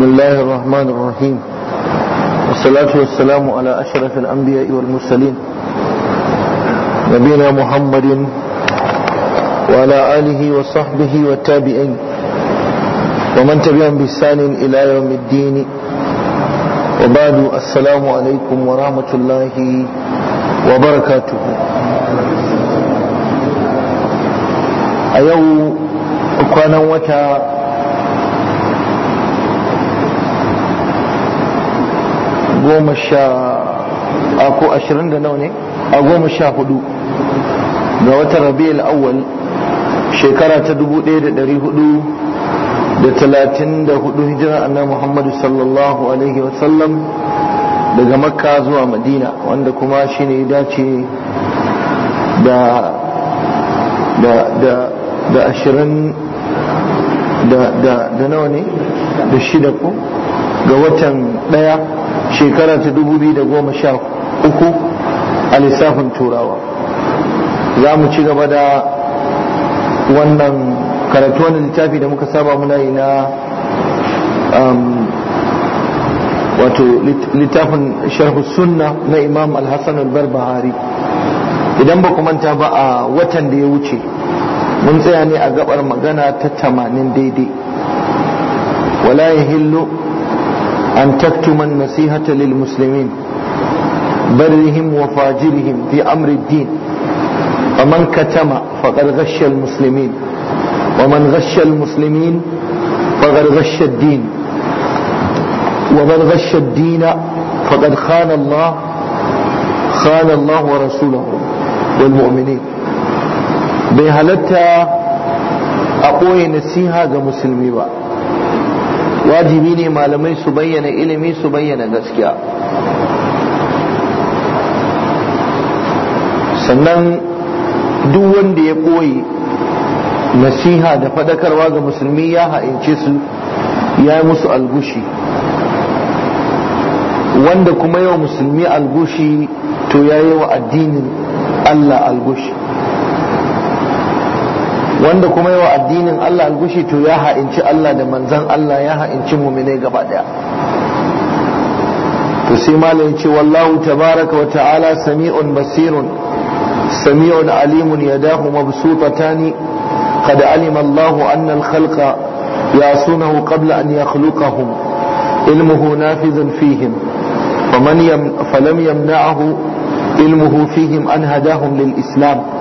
بسم الله الرحمن الرحيم والصلاة والسلام على أشرف الأنبياء والمرسلين نبينا محمد وعلى آله وصحبه والتابعين ومن تبعهم بإحسان إلى يوم الدين وبعد السلام عليكم ورحمة الله وبركاته أيوه كان وتا goma sha a ko ashirin da nawa ne a goma sha hudu ga wata rabiyar awwal shekara ta dubu daya da dari hudu da talatin da hudu hijira annabi muhammadu sallallahu alaihi wasallam daga makka zuwa madina wanda kuma shi ne dace da da da da ashirin da da da nawa ne da shida ko ga watan daya. shekara ta dubu biyu da goma sha uku a lissafin turawa za mu ci gaba da wannan karatu wani littafi da muka saba muna yi na um, wato littafin sharhu sunna na imam Alhassan al idan ba manta ba a watan da ya wuce mun tsaya ne a gabar magana ta tamanin daidai wala ya hillo أن تكتم النصيحة للمسلمين برهم وفاجرهم في أمر الدين فمن كتم فقد غش المسلمين ومن غش المسلمين فقد غش الدين ومن غش الدين فقد خان الله خان الله ورسوله والمؤمنين بهلتا halatta a ɓoye wajibi ne malamai su bayyana ilimi su bayyana gaskiya sannan duk wanda ya koyi nasiha da fadakarwa ga musulmi ya ha'ince su ya yi musu algushi wanda kuma yau musulmi algushi to ya yi wa addinin Allah algushi wanda kuma yawa addinin Allah algushi to ya ha'inci Allah da manzan Allah ya ha'inci muminai gaba daya to sai malamin ce wallahu tabaraka wa ta'ala sami'un basirun sami'un alimun yadahu mabsutatani qad alima alimallahu anna al-khalqa yasunahu qabla an yakhluqahum ilmuhu nafizun fihim فمن يم فلم ilmuhu علمه an أن lil islam.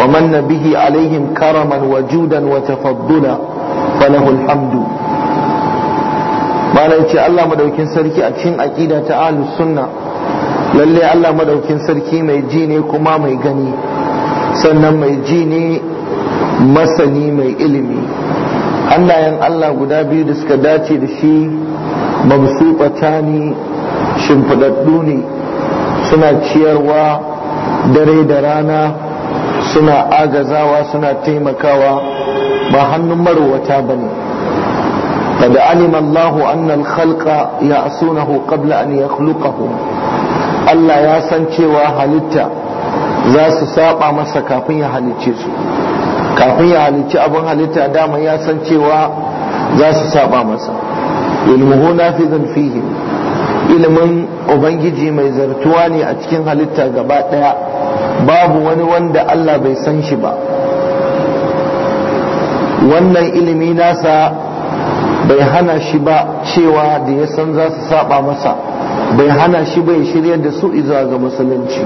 ومن به عليهم كرما وجودا وتفضلا فله الحمد bala yace Allah madaukin sarki a cikin aqida ta ahlus sunna lalle Allah madaukin sarki mai ji ne kuma mai gani sannan mai ji ne masani mai ilimi hannayen Allah guda biyu da suka dace da shi mabsuɓata ne shimfiɗaɗɗu ne suna ciyarwa dare da rana suna agazawa suna taimakawa ba hannun marwata ba ne قد علم الله أن ya يعصونه قبل an يخلقهم Allah ya san cewa halitta za su saba masa kafin ya halicce su kafin ya halicci abin halitta dama ya san cewa za su saba masa ilmuhu nafizun fihi ilimin ubangiji mai zartuwa ne a cikin halitta gaba daya babu wani wanda Allah bai san shi ba wannan ilimi nasa bai hana shi ba cewa da ya san za su saba masa bai hana shi bai shirya da su izuwa ga musulunci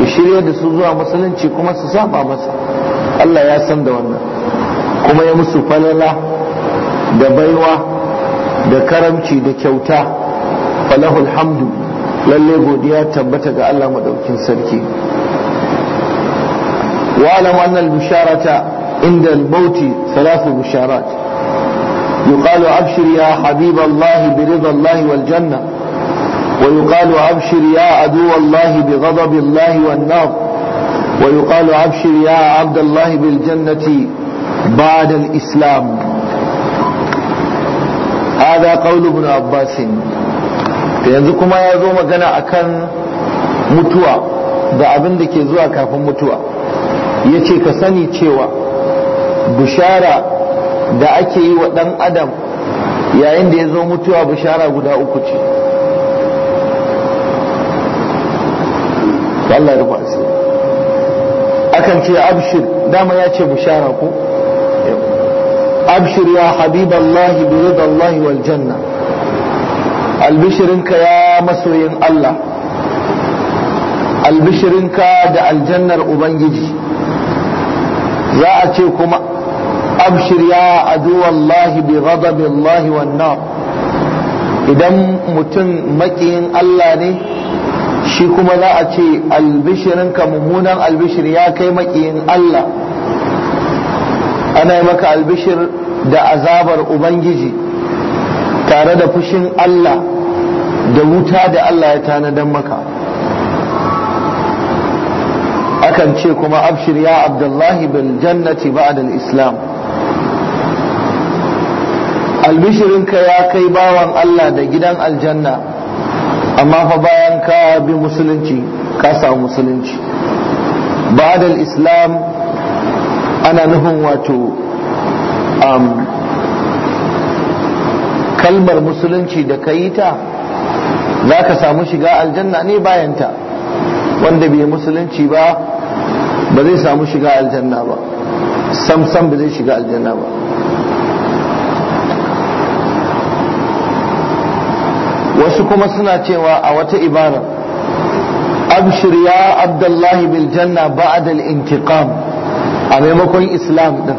ya shirya da su zuwa musulunci kuma su saba masa Allah ya san da wannan kuma ya musu falala da baiwa da karamci da kyauta falahul hamdu lalle godiya tabbata ga Allah madaukin sarki واعلم أن البشارة عند الموت ثلاث بشارات يقال أبشر يا حبيب الله برضا الله والجنة ويقال أبشر يا عدو الله بغضب الله والنار ويقال أبشر يا عبد الله بالجنة بعد الإسلام هذا قول ابن عباس yanzu kuma ya zo magana متوى mutuwa da abin da ya ce ka sani cewa bishara da ake yi wa ɗan adam yayin da ya zo mutuwa bishara guda uku ce Allah ya rufa akan ce abshir dama ya ce bishara ko abshir ya habib Allah bi rida Allah wal janna albishirinka ya masoyin Allah albishirinka da aljannar ubangiji za a ce kuma abshir ya aduwallahi bi ghadabillahi wan idan mutum maƙiyin Allah ne shi kuma za a ce albishirinka mummunan albishir ya kai makiyin Allah ana yi maka albishir da azabar ubangiji tare da fushin Allah da wuta da Allah ya tanadan maka akan ce kuma abshir ya abdullahi bil jannati ba'da al-islam albishirinka ya kai bawan Allah da gidan aljanna amma fa bayan ka bi musulunci ka samu musulunci ba'da al-islam ana nufin wato um, kalmar musulunci da ka yi ta za ka samu shiga aljanna ne bayanta wanda bai musulunci ba ba zai samu shiga aljanna ba sam sam ba zai shiga aljanna ba wasu kuma suna cewa a wata ibara abshir ya abdullahi bil janna ba'da al intiqam a maimakon islam din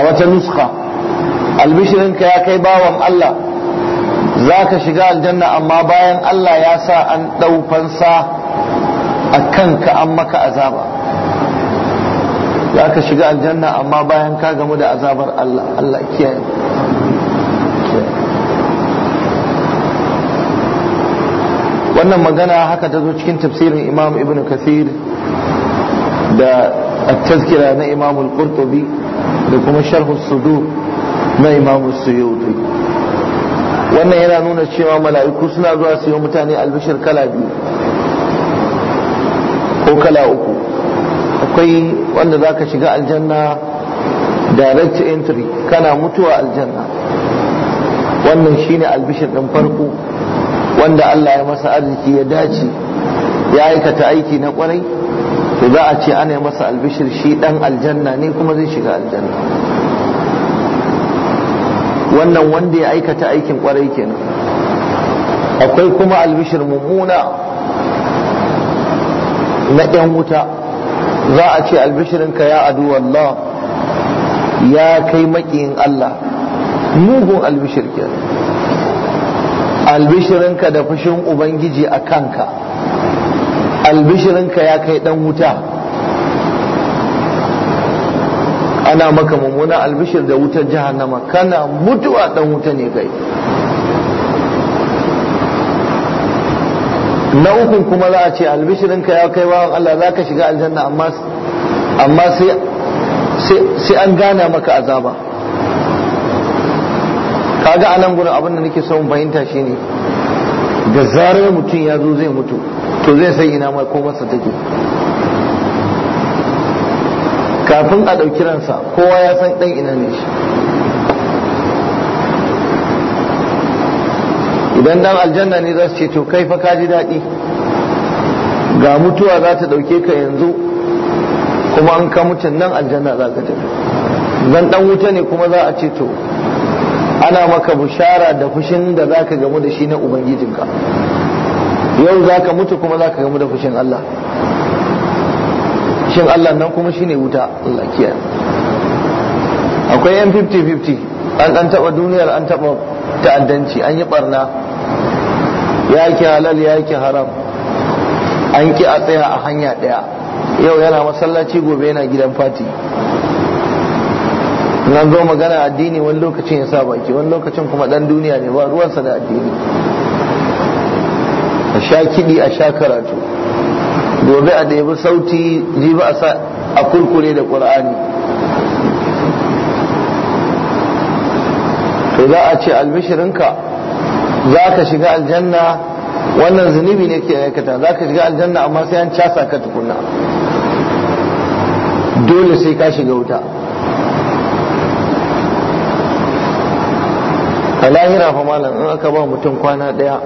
a wata nuska albishirinka ya kai bawan Allah za ka shiga aljanna amma bayan Allah ya sa an ɗaufansa a kanka an maka azaba za ka shiga aljanna amma bayan ka gamu da azabar Allah Allah kiyaye wannan magana haka ta zo cikin tafsirin imam ibn kathir da na imam al-qurtubi da kuma sharh sudur na imam suyuti wannan yana nuna cewa mala'iku suna zuwa su yi mutane albishir kala biyu ko kala uku akwai wanda za ka shiga aljanna direct entry kana mutuwa aljanna wannan shine albishir ɗin farko wanda Allah ya masa arziki ya dace ya aikata aiki na kwarai to za a ce ana masa albishir shi ɗan aljanna ne kuma zai shiga aljanna wannan wanda ya aikata aikin kwarai kenan akwai kuma albishir mummuna na 'yan wuta za a ce albishirinka ya adu Allah ya kai makiyin Allah mugun albishir albishirinka da fushin ubangiji a kanka albishirinka ya kai dan wuta ana maka mummuna albishir da wutar jihar nama kana mutuwa dan wuta ne kai na uku kuma za a ce ka ya kai wa Allah za ka shiga aljanna amma sai an gana maka azaba Ka ga anan gudun abin da nake son fahimta shi ne da zarar mutum ya zo zai mutu to zai sai ina mai komarsa take kafin a ɗauki ransa kowa ya san ɗan ina ne shi idan dan aljanna ne za su ce to kai fa ka ji daɗi ga mutuwa za ta ɗauke ka yanzu kuma an ka mutun nan aljanna za ka tafi dan dan wuta ne kuma za a ce to ana maka bushara da fushin da za ka gamu da shi na ubangijinka yau za ka mutu kuma za ka gamu da fushin Allah shin Allah nan kuma shine wuta Allah kiyaye akwai yan 50-50 an an taba duniyar an taba ta'addanci an yi barna ya ki halal ya ki haram an ki a tsaya a hanya ɗaya yau yana masallaci gobe yana gidan fati nan zo magana addini wani lokacin ya sa baki wani lokacin kuma dan duniya ne ba ruwansa da addini a sha kiɗi a sha karatu gobe a ɗebi sauti ba a sa a kurkure da ƙur'ani to za a ce albishirinka za ka shiga aljanna wannan zunubi ne ke aikata za ka shiga aljanna amma sai an casa ka tukuna dole sai ka shiga wuta a lahira fa malam in aka ba mutum kwana daya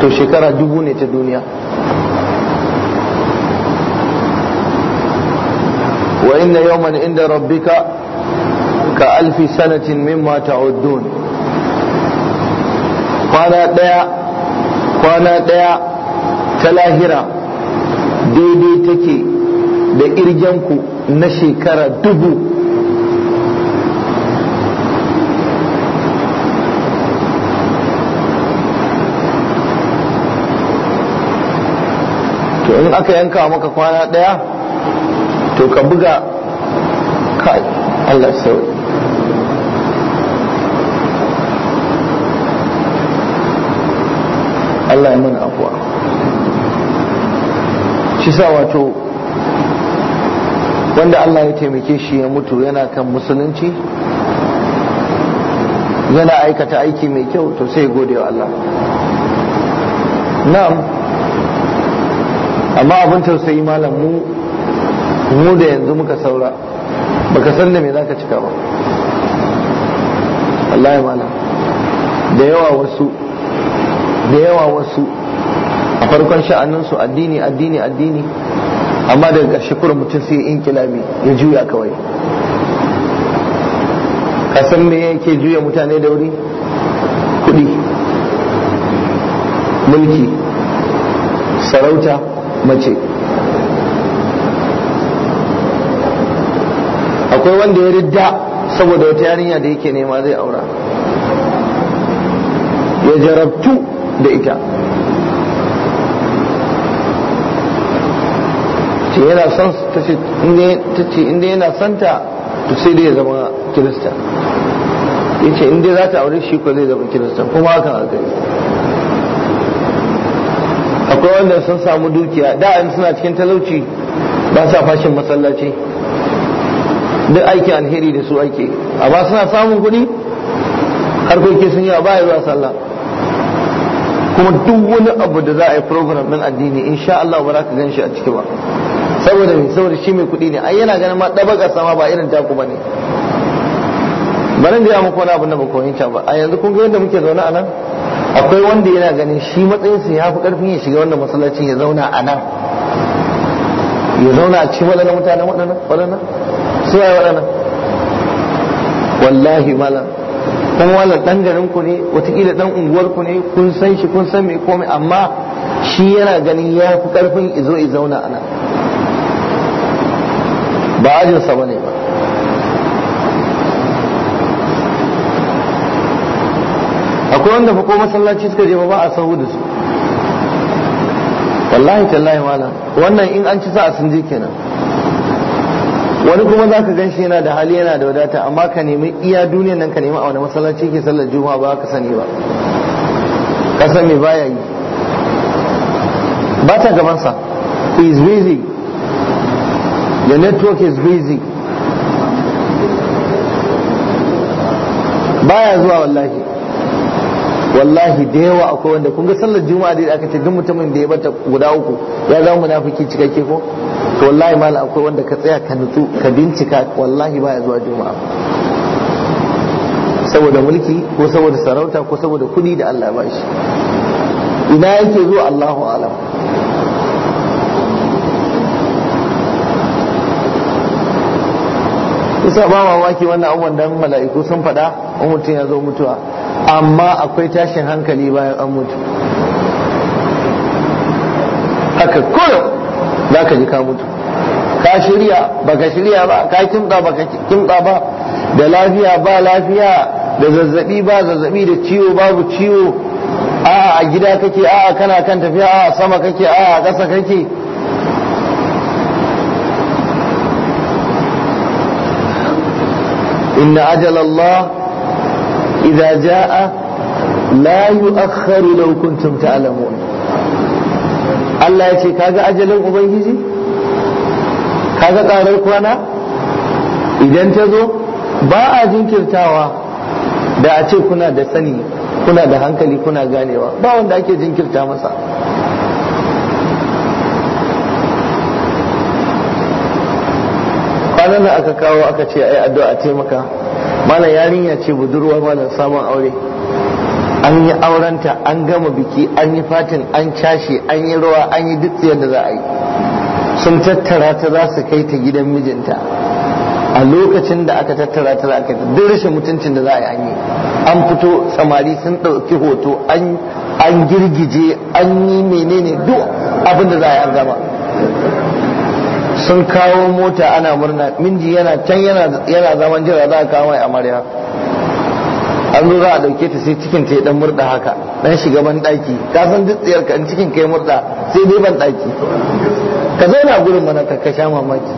to shekara dubu ne ta duniya wa inna yawman inda rabbika ka alfi sanatin mimma ta'uddun kwana ɗaya kwana ɗaya ta lahira daidai take da irgenku na shekara dubu to in aka yanka maka kwana ɗaya to ka buga kai Allah Allah ya mana afuwa shi sa wato wanda Allah ya taimake shi ya mutu yana kan musulunci yana aikata aiki mai kyau to sai gode wa Allah na'am amma abin tausayi malam mu mu da yanzu muka saura baka san da me zaka cika ba ya malam da yawa wasu da yawa wasu a farkon sha'aninsu addini addini addini amma daga ƙarshe kurin mutum sai kilami ya juya kawai kasan me yake juya mutane da wuri kuɗi mulki sarauta mace akwai wanda ya ridda saboda wata yarinya da yake nema zai aura ya jarabtu da ita ce yana son ta ce inda yana son ta to sai dai ya zama kirista ya ce inda za ta aure shi ko zai zama kirista kuma hakan haka akwai wanda sun samu dukiya da'an suna cikin talauci ba sa fashin masallaci duk aikin alheri da su aiki amma suna samun kuɗi harkoki sun yi a baya zuwa sallah kuma duk wani abu da za a yi program din addini insha Allah ba za ka gan shi a ciki ba saboda me saboda shi mai kuɗi ne ai yana ganin ma ɗabaga sama ba irin taku ba ne bari da ya muku wani abu na ba koyinta ba a yanzu kun ga yadda muke zaune a nan akwai wanda yana ganin shi matsayinsa ya fi ƙarfin ya shiga wannan masallacin ya zauna a nan ya zauna a cikin waɗannan mutanen waɗannan waɗannan su waɗannan wallahi mala dan wala dan garin ku ne watakila dan unguwar ku ne kun san shi kun san me komai amma shi yana ganin ya fi karfin izo i zauna ana ba ajin sa bane ba akwai wanda fa ko masallaci suka je ba ba a sahu da su wallahi tallahi wala wannan in an ci sa a sun je kenan wani kuma za ka ganshi yana da hali yana da wadata amma ka nemi iya duniyan nan ka nemi a wani masallaci ke sallar juma'a ba ka sani ba kasan me baya yi ba ta gabansa he is busy the network is busy baya zuwa wallahi wallahi da yawa akwai wanda kun ga sallar juma'a da aka ce duk mutumin da ya bata guda uku ya zama munafiki cikakke ko to wallahi mala akwai wanda ka tsaya ka nutsu ka bincika wallahi baya zuwa juma'a saboda mulki ko saboda sarauta ko saboda kudi da Allah ba shi ina yake zuwa Allahu alam isa ba waki wannan abubuwan dan mala'iku sun faɗa in mutum ya zo mutuwa amma akwai tashin hankali bayan an mutu haka kullum za ka ji ka mutu ka shirya ka shirya ba ka kimta ka kimta ba da lafiya ba lafiya da zazzabi ba zazzabi da ciwo babu ciwo a a gida kake a kana kan tafiya a sama kake a a ƙasa kake إن أجل الله إذا جاء لا يؤخر لو كنتم تعلمون Allah ya ce kaga ajalin ubangiji kaga karar kwana idan ta zo ba a jinkirtawa da a ce kuna da sani kuna da hankali kuna ganewa ba wanda ake jinkirta masa kwanan da aka kawo aka ce ai addu'a taimaka malam yarinya ce budurwa malam samun aure an yi aurenta an gama biki an yi fatin an cashe an yi ruwa an yi duk yadda za a yi sun tattara ta za su kai ta gidan mijinta a lokacin da aka tattara ta za a kai duk rashin mutuncin da za a an yi an fito samari sun ɗauki hoto an girgije an yi menene duk abin da za a yi an gama sun kawo mota ana murna minji yana can yana zaman jira za a kawo mai amarya an zo za a dauke ta sai cikin ta ya dan murda haka dan shiga ban daki ka san duk ka in cikin kai murda sai dai ban daki ka zauna gurin mana ka kasha mamaki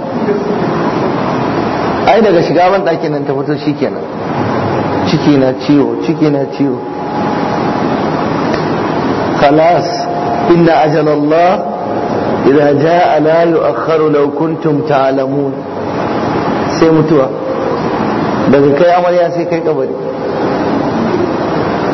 ai daga shiga ban daki nan ta fito shikenan ciki na ciwo ciki na ciwo خلاص إن أجل الله إذا جاء لا يؤخر لو كنتم تعلمون sai mutuwa daga kai amarya sai kai kabari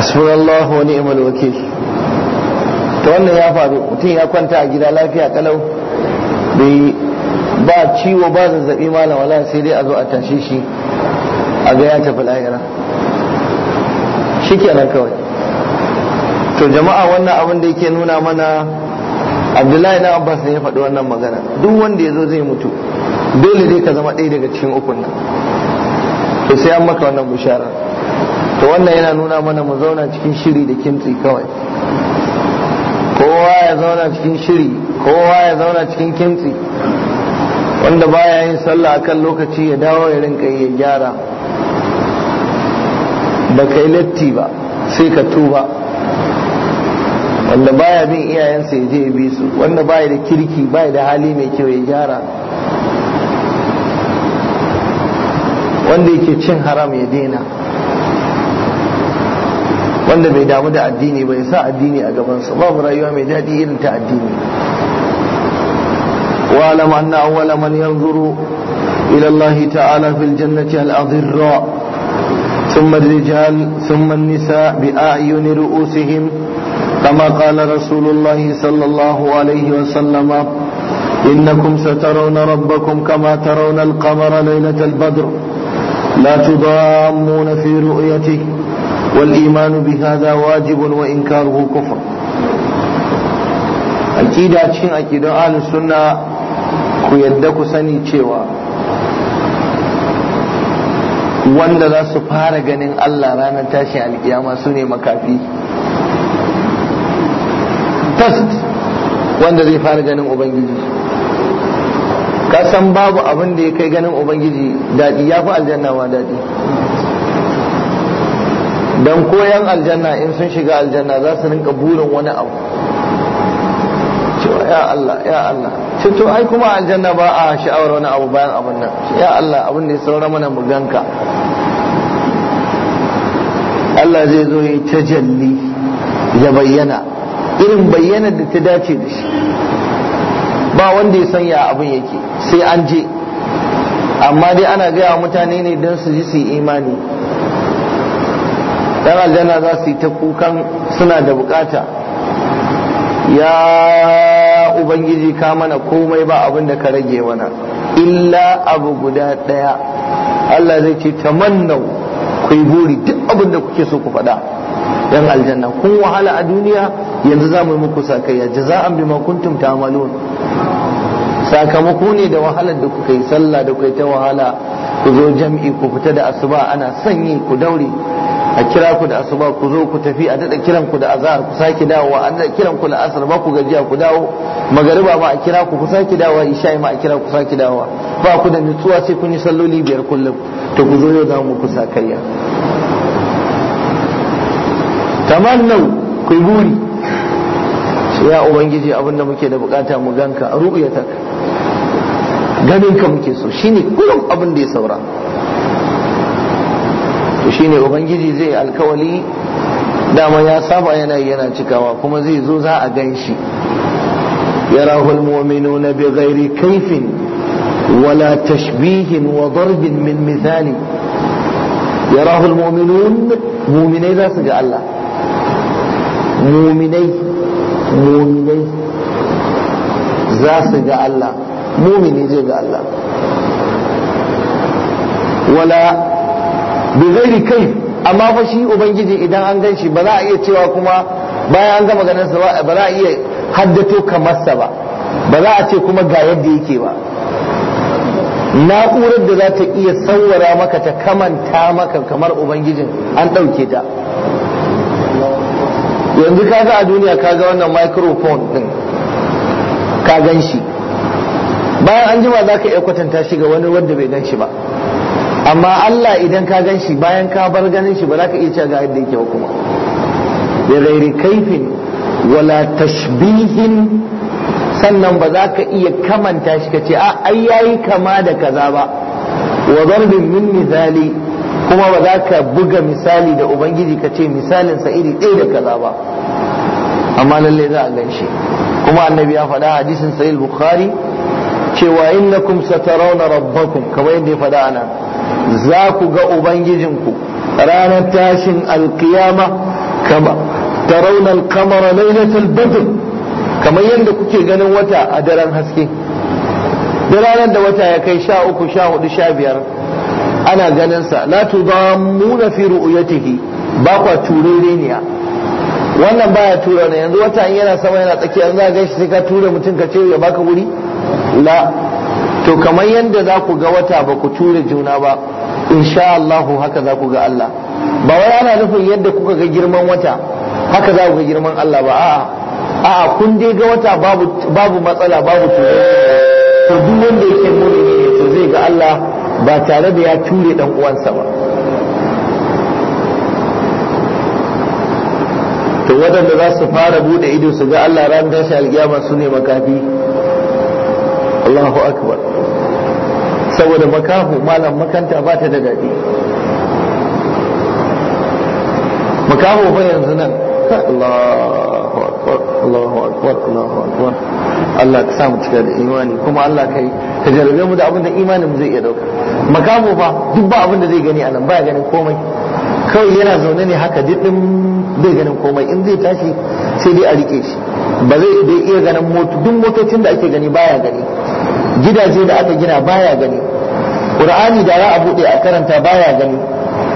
hasbunallahu wa ni'mal wakil to wannan ya faru mutum ya kwanta a gida lafiya kalau bai ba ciwo ba zazzabi malam wala sai dai a zo a tashe shi a ga ya tafi lahira shikenan kawai to jama'a wannan abin da yake nuna mana abdullahi na abbas ne ya faɗi wannan magana duk wanda ya zo zai mutu dole dai ka zama ɗaya daga cikin ukun nan to sai an maka wannan bishara to wannan yana nuna mana mu zauna cikin shiri da kintsi kawai kowa ya zauna cikin shiri kowa ya zauna cikin kintsi wanda baya yin sallah akan lokaci ya dawo ya rinka ya gyara ba kai latti ba sai ka tuba wanda baya bin iyayensa ya je ya bi su wanda baya da kirki baya da hali mai kyau ya gyara wanda yake cin haram ya daina wanda bai damu da addini bai sa addini a gabansa babu rayuwa mai daɗi irin ta addini واعلم أن أول من ينظر إلى الله تعالى في الجنة الأضراء ثم الرجال ثم النساء بأعين رؤوسهم كما قال رسول الله صلى الله عليه وسلم إنكم سترون ربكم كما ترون القمر ليلة البدر لا تضامون في رؤيته والإيمان بهذا واجب وإنكاره كفر أكيد cikin أكيد ahlus السنة ku سني ku sani cewa wanda za su fara ganin Allah ranar tashin alkiyama su ne makafi test wanda zai fara ganin ubangiji kasan babu abin da ya kai ganin ubangiji daɗi ya fi aljanna ma daɗi don koyan aljanna in sun shiga aljanna za su rinka burin wani abu cewa ya Allah ya Allah sai to ai kuma aljanna ba a sha'awar wani abu bayan abin nan ya Allah abin da ya saura mana mu ganka Allah zai zo ya tajalli ya bayyana irin bayyana da ta dace da shi ba wanda ya sanya abin yake sai an je amma dai ana gaya mutane ne don su ji su imani dan aljanna za su yi ta kukan suna da bukata ya ubangiji ka mana komai ba abin da ka rage mana illa abu guda ɗaya Allah zai ce tamannau ku yi buri duk abin da kuke so ku faɗa dan aljanna kun wahala a duniya yanzu za mu yi muku sakayya jaza'an bima kuntum ta'malun sakamako ne da wahalar da kuka yi sallah da kuka yi ta wahala ku zo jam'i ku fita da asuba ana sanyi ku daure a kira ku da asuba ku zo ku tafi a daɗa kiran ku da azhar ku sake dawowa a dada kiran ku da asar ba ku gajiya ku dawo magariba ma a kira ku ku sake dawowa isha'i ma a kira ku sake dawowa ba ku da nutsuwa sai kun yi salloli biyar kullum to ku zo yau za mu ku sakayya tamannau ku buri ya ubangiji abinda muke da bukata mu ganka ru'yatak ganin ka muke so shine kullum abin da ya saura shi ne ubangiji zai alkawali dama ya saba yana yana cikawa kuma zai zo za a gan shi ya rahul mominu na bigairi kaifin wala tashbihin wa darbin min ya rahul mominu muminai za su ga Allah wala bi kai amma fa shi ubangiji idan an ganshi ba za a iya cewa kuma bayan an gama ganin sa ba za a iya haddato kamarsa ba ba za a ce kuma ga yadda yake ba na'urar da za ta iya sauwara maka ta kamanta maka kamar ubangijin an ɗauke ta yanzu ka ga a duniya kaga wannan microphone din ka gan bayan an jima za ka iya kwatanta shi ga wani wanda bai gan shi ba amma Allah idan ka gan shi bayan ka bar ganin shi ba za ka iya cewa ga yadda yake hukuma kuma bi ghairi kaifin wala tashbihin sannan ba za ka iya kamanta shi ka ce a ah, ai kama da kaza ba wa darbin min misali kuma ba za ka buga misali da ubangiji ka ce misalin sa iri ɗaya da kaza ba amma lalle za a gan shi kuma annabi ya faɗa hadisin sahih bukhari cewa innakum satarawna rabbakum kamar yadda ya faɗa anan za ku ga ubangijinku ranar tashin alkiyama kama raunar kamara lailatul badr kamar yadda kuke ganin wata a daren haske da ranar da wata ya kai sha uku sha hudu sha biyar ana ganinsa la tudammuna fi ru'yatihi ba kwa turereniya wannan baya tura ne yanzu wata in yana sama yana tsakiya in za shi gaishe sai ka ture mutum ka ce ya baka wuri la to kamar yadda za ku ga wata ba ku ture juna ba insha Allahu haka za ku ga Allah ba wai ana nufin yadda kuka ga girman wata haka za ku ga girman Allah ba a'a a kun dai ga wata babu babu matsala babu ture to duk wanda yake mu'mini ne to zai ga Allah ba tare da ya ture dan uwansa ba to waɗanda za su fara bude ido su ga Allah ran tashi alkiyama su ne makafi Allahu akbar saboda makahu malam makanta ba ta da daɗi makahu ba yanzu nan Allahu akbar Allahu akbar Allahu akbar Allah ka samu cika da imani kuma Allah kai ka jarabe mu da abin da imanin mu zai iya dauka makahu ba duk ba abin da zai gani anan baya ganin komai kawai yana zaune ne haka diddin bai ganin komai in zai tashi sai dai a rike shi ba zai iya ganin duk motocin da ake gani baya gani gidaje da aka gina baya gani qur'ani da za a bude a karanta baya gani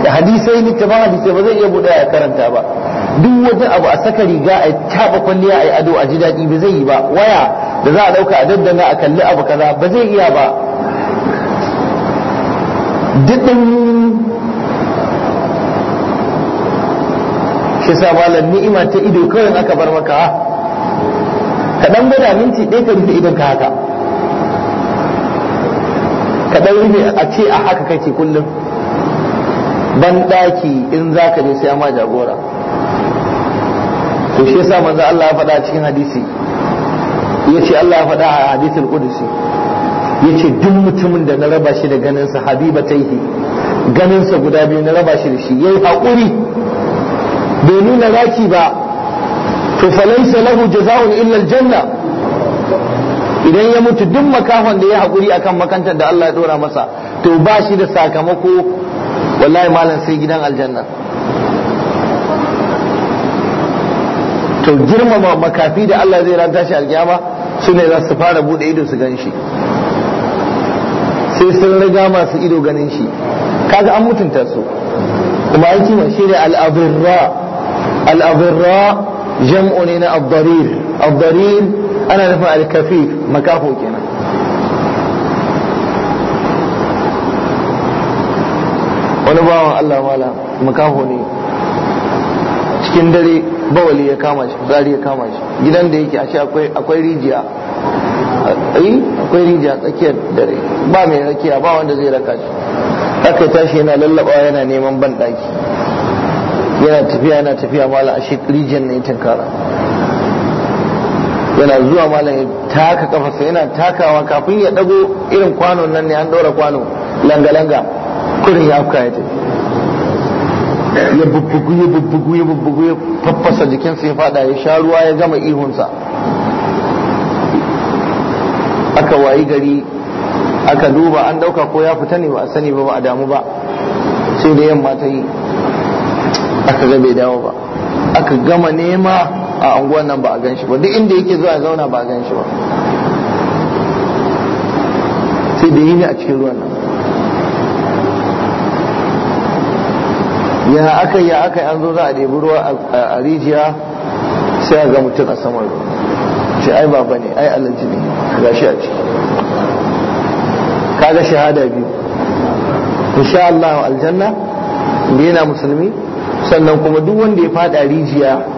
da hadisai ta hadisai ba zai iya bude a karanta ba duk wani abu a saka riga a taba kwalliya a yi ado a ji daɗi ba zai yi ba waya da za a ɗauka a daddana a kalli abu kaza ba zai iya ba dukkan shi sa ni'ima ta ido kawai aka bar maka ka dan gwada minti ɗaya ka rufe idon ka haka ka dan a ce a haka kake kullum ban daki in zaka je sai ma jagora to shi yasa manzo Allah ya faɗa cikin hadisi yace Allah ya faɗa a hadisul qudsi yace duk mutumin da na raba shi da ganin sa habibataihi ganin sa guda biyu na raba shi da shi yayi hakuri bai nuna raki ba to falaysa lahu jazaa'un illa janna. idan ya mutu duk makahon da ya haƙuri akan makantar da Allah ya dora masa to ba shi da sakamako wallahi malam sai gidan aljanna to girmama makafi da Allah zai ranta shi alkiyama su ne za su fara bude ido su gan shi sai sun riga masu ido ganin shi kaga an mutunta su kuma an kima shi ne al'abirra al'abirra jam'u ne na abdarir abdarir ana nufin alkafi makafo kenan wani bawan Allah mala makafo ne cikin dare bawali ya kama shi zari ya kama shi gidan da yake ashe akwai rijiya ai akwai rijiya eh, tsakiyar dare ba mai rakiya ba wanda zai raka shi aka tashi yana lallaba yana neman ban daki yana tafiya yana tafiya mala ashe rijiyar ne tankara. yana zuwa malam ya taka kafarsa yana takawa kafin ya dago irin kwano nan ne an daura kwano langa-langa kurin ya afka ya ce ya bubbugu ya bubbugu ya bubbugu ya faffasa jikinsa ya fada ya sha ruwa ya gama ihunsa aka wayi gari aka duba an dauka ko ya fita ne ba a sani ba ba a damu ba sai da yamma ta yi aka ga bai dawo ba aka gama nema a unguwan nan ba a gan shi ba duk inda yake zuwa zauna ba a gan shi ba sai da yi ne a cikin ruwan nan ya aka ya aka an zo za a ɗebi ruwa a rijiya sai a ga mutum a saman ruwa shi ai ba ne ai alaji ne ga shi a ciki kaga shahada biyu insha Allah aljanna da yana musulmi sannan kuma duk wanda ya fada rijiya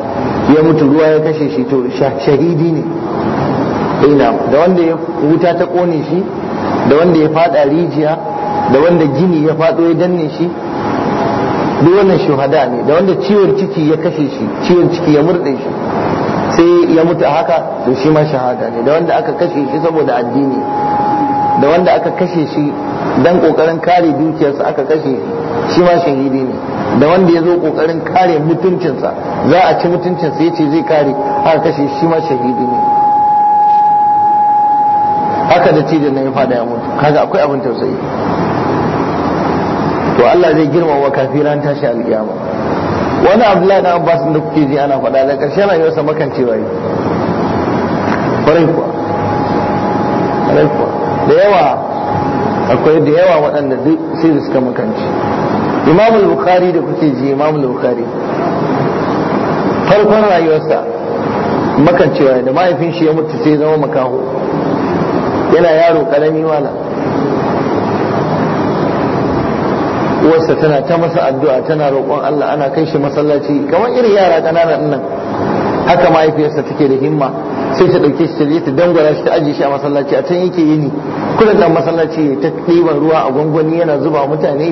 ya mutu ruwa ya kashe shi to shahidi ne ina eh, da wanda ya wuta ta kone shi da wanda ya fada rijiya da wanda gini ya fado ya danne shi duk wannan shuhada ne da wanda ciwon ciki ya kashe shi ciwon ciki ya murde shi sai ya mutu haka to shi ma shahada ne da wanda aka kashe shi saboda addini da wanda aka kashe shi dan kokarin kare dukiyarsa aka kashe shi ma shahidi ne da wanda ya zo kokarin kare mutuncinsa za a ci mutuncinsa ya ce zai kare aka kashe shi ma shahidi ne haka da ce da na yi fada ya mutu kaga akwai abin tausayi to Allah zai girma wa kafiran tashi alkiyama wani abdullahi na abbas da kuke ji ana faɗa da ƙarshe rayuwarsa cewa yi kwarai kuwa da yawa akwai da yawa waɗanda duk sai da suka makanci imamul bukari da kuke ji imamul bukari farkon rayuwarsa makancewa da mahaifin shi ya mutu sai zama makaho yana yaro karami wala uwarsa tana ta masa addu'a tana roƙon Allah ana kai shi masallaci kamar irin yara ƙanana nan haka mahaifiyarsa take da himma sai ta dauke shi ta je ta shi ta ajiye shi a masallaci a can yake yini kullum dan masallaci ta ɗiban ruwa a gwangwani yana zuba mutane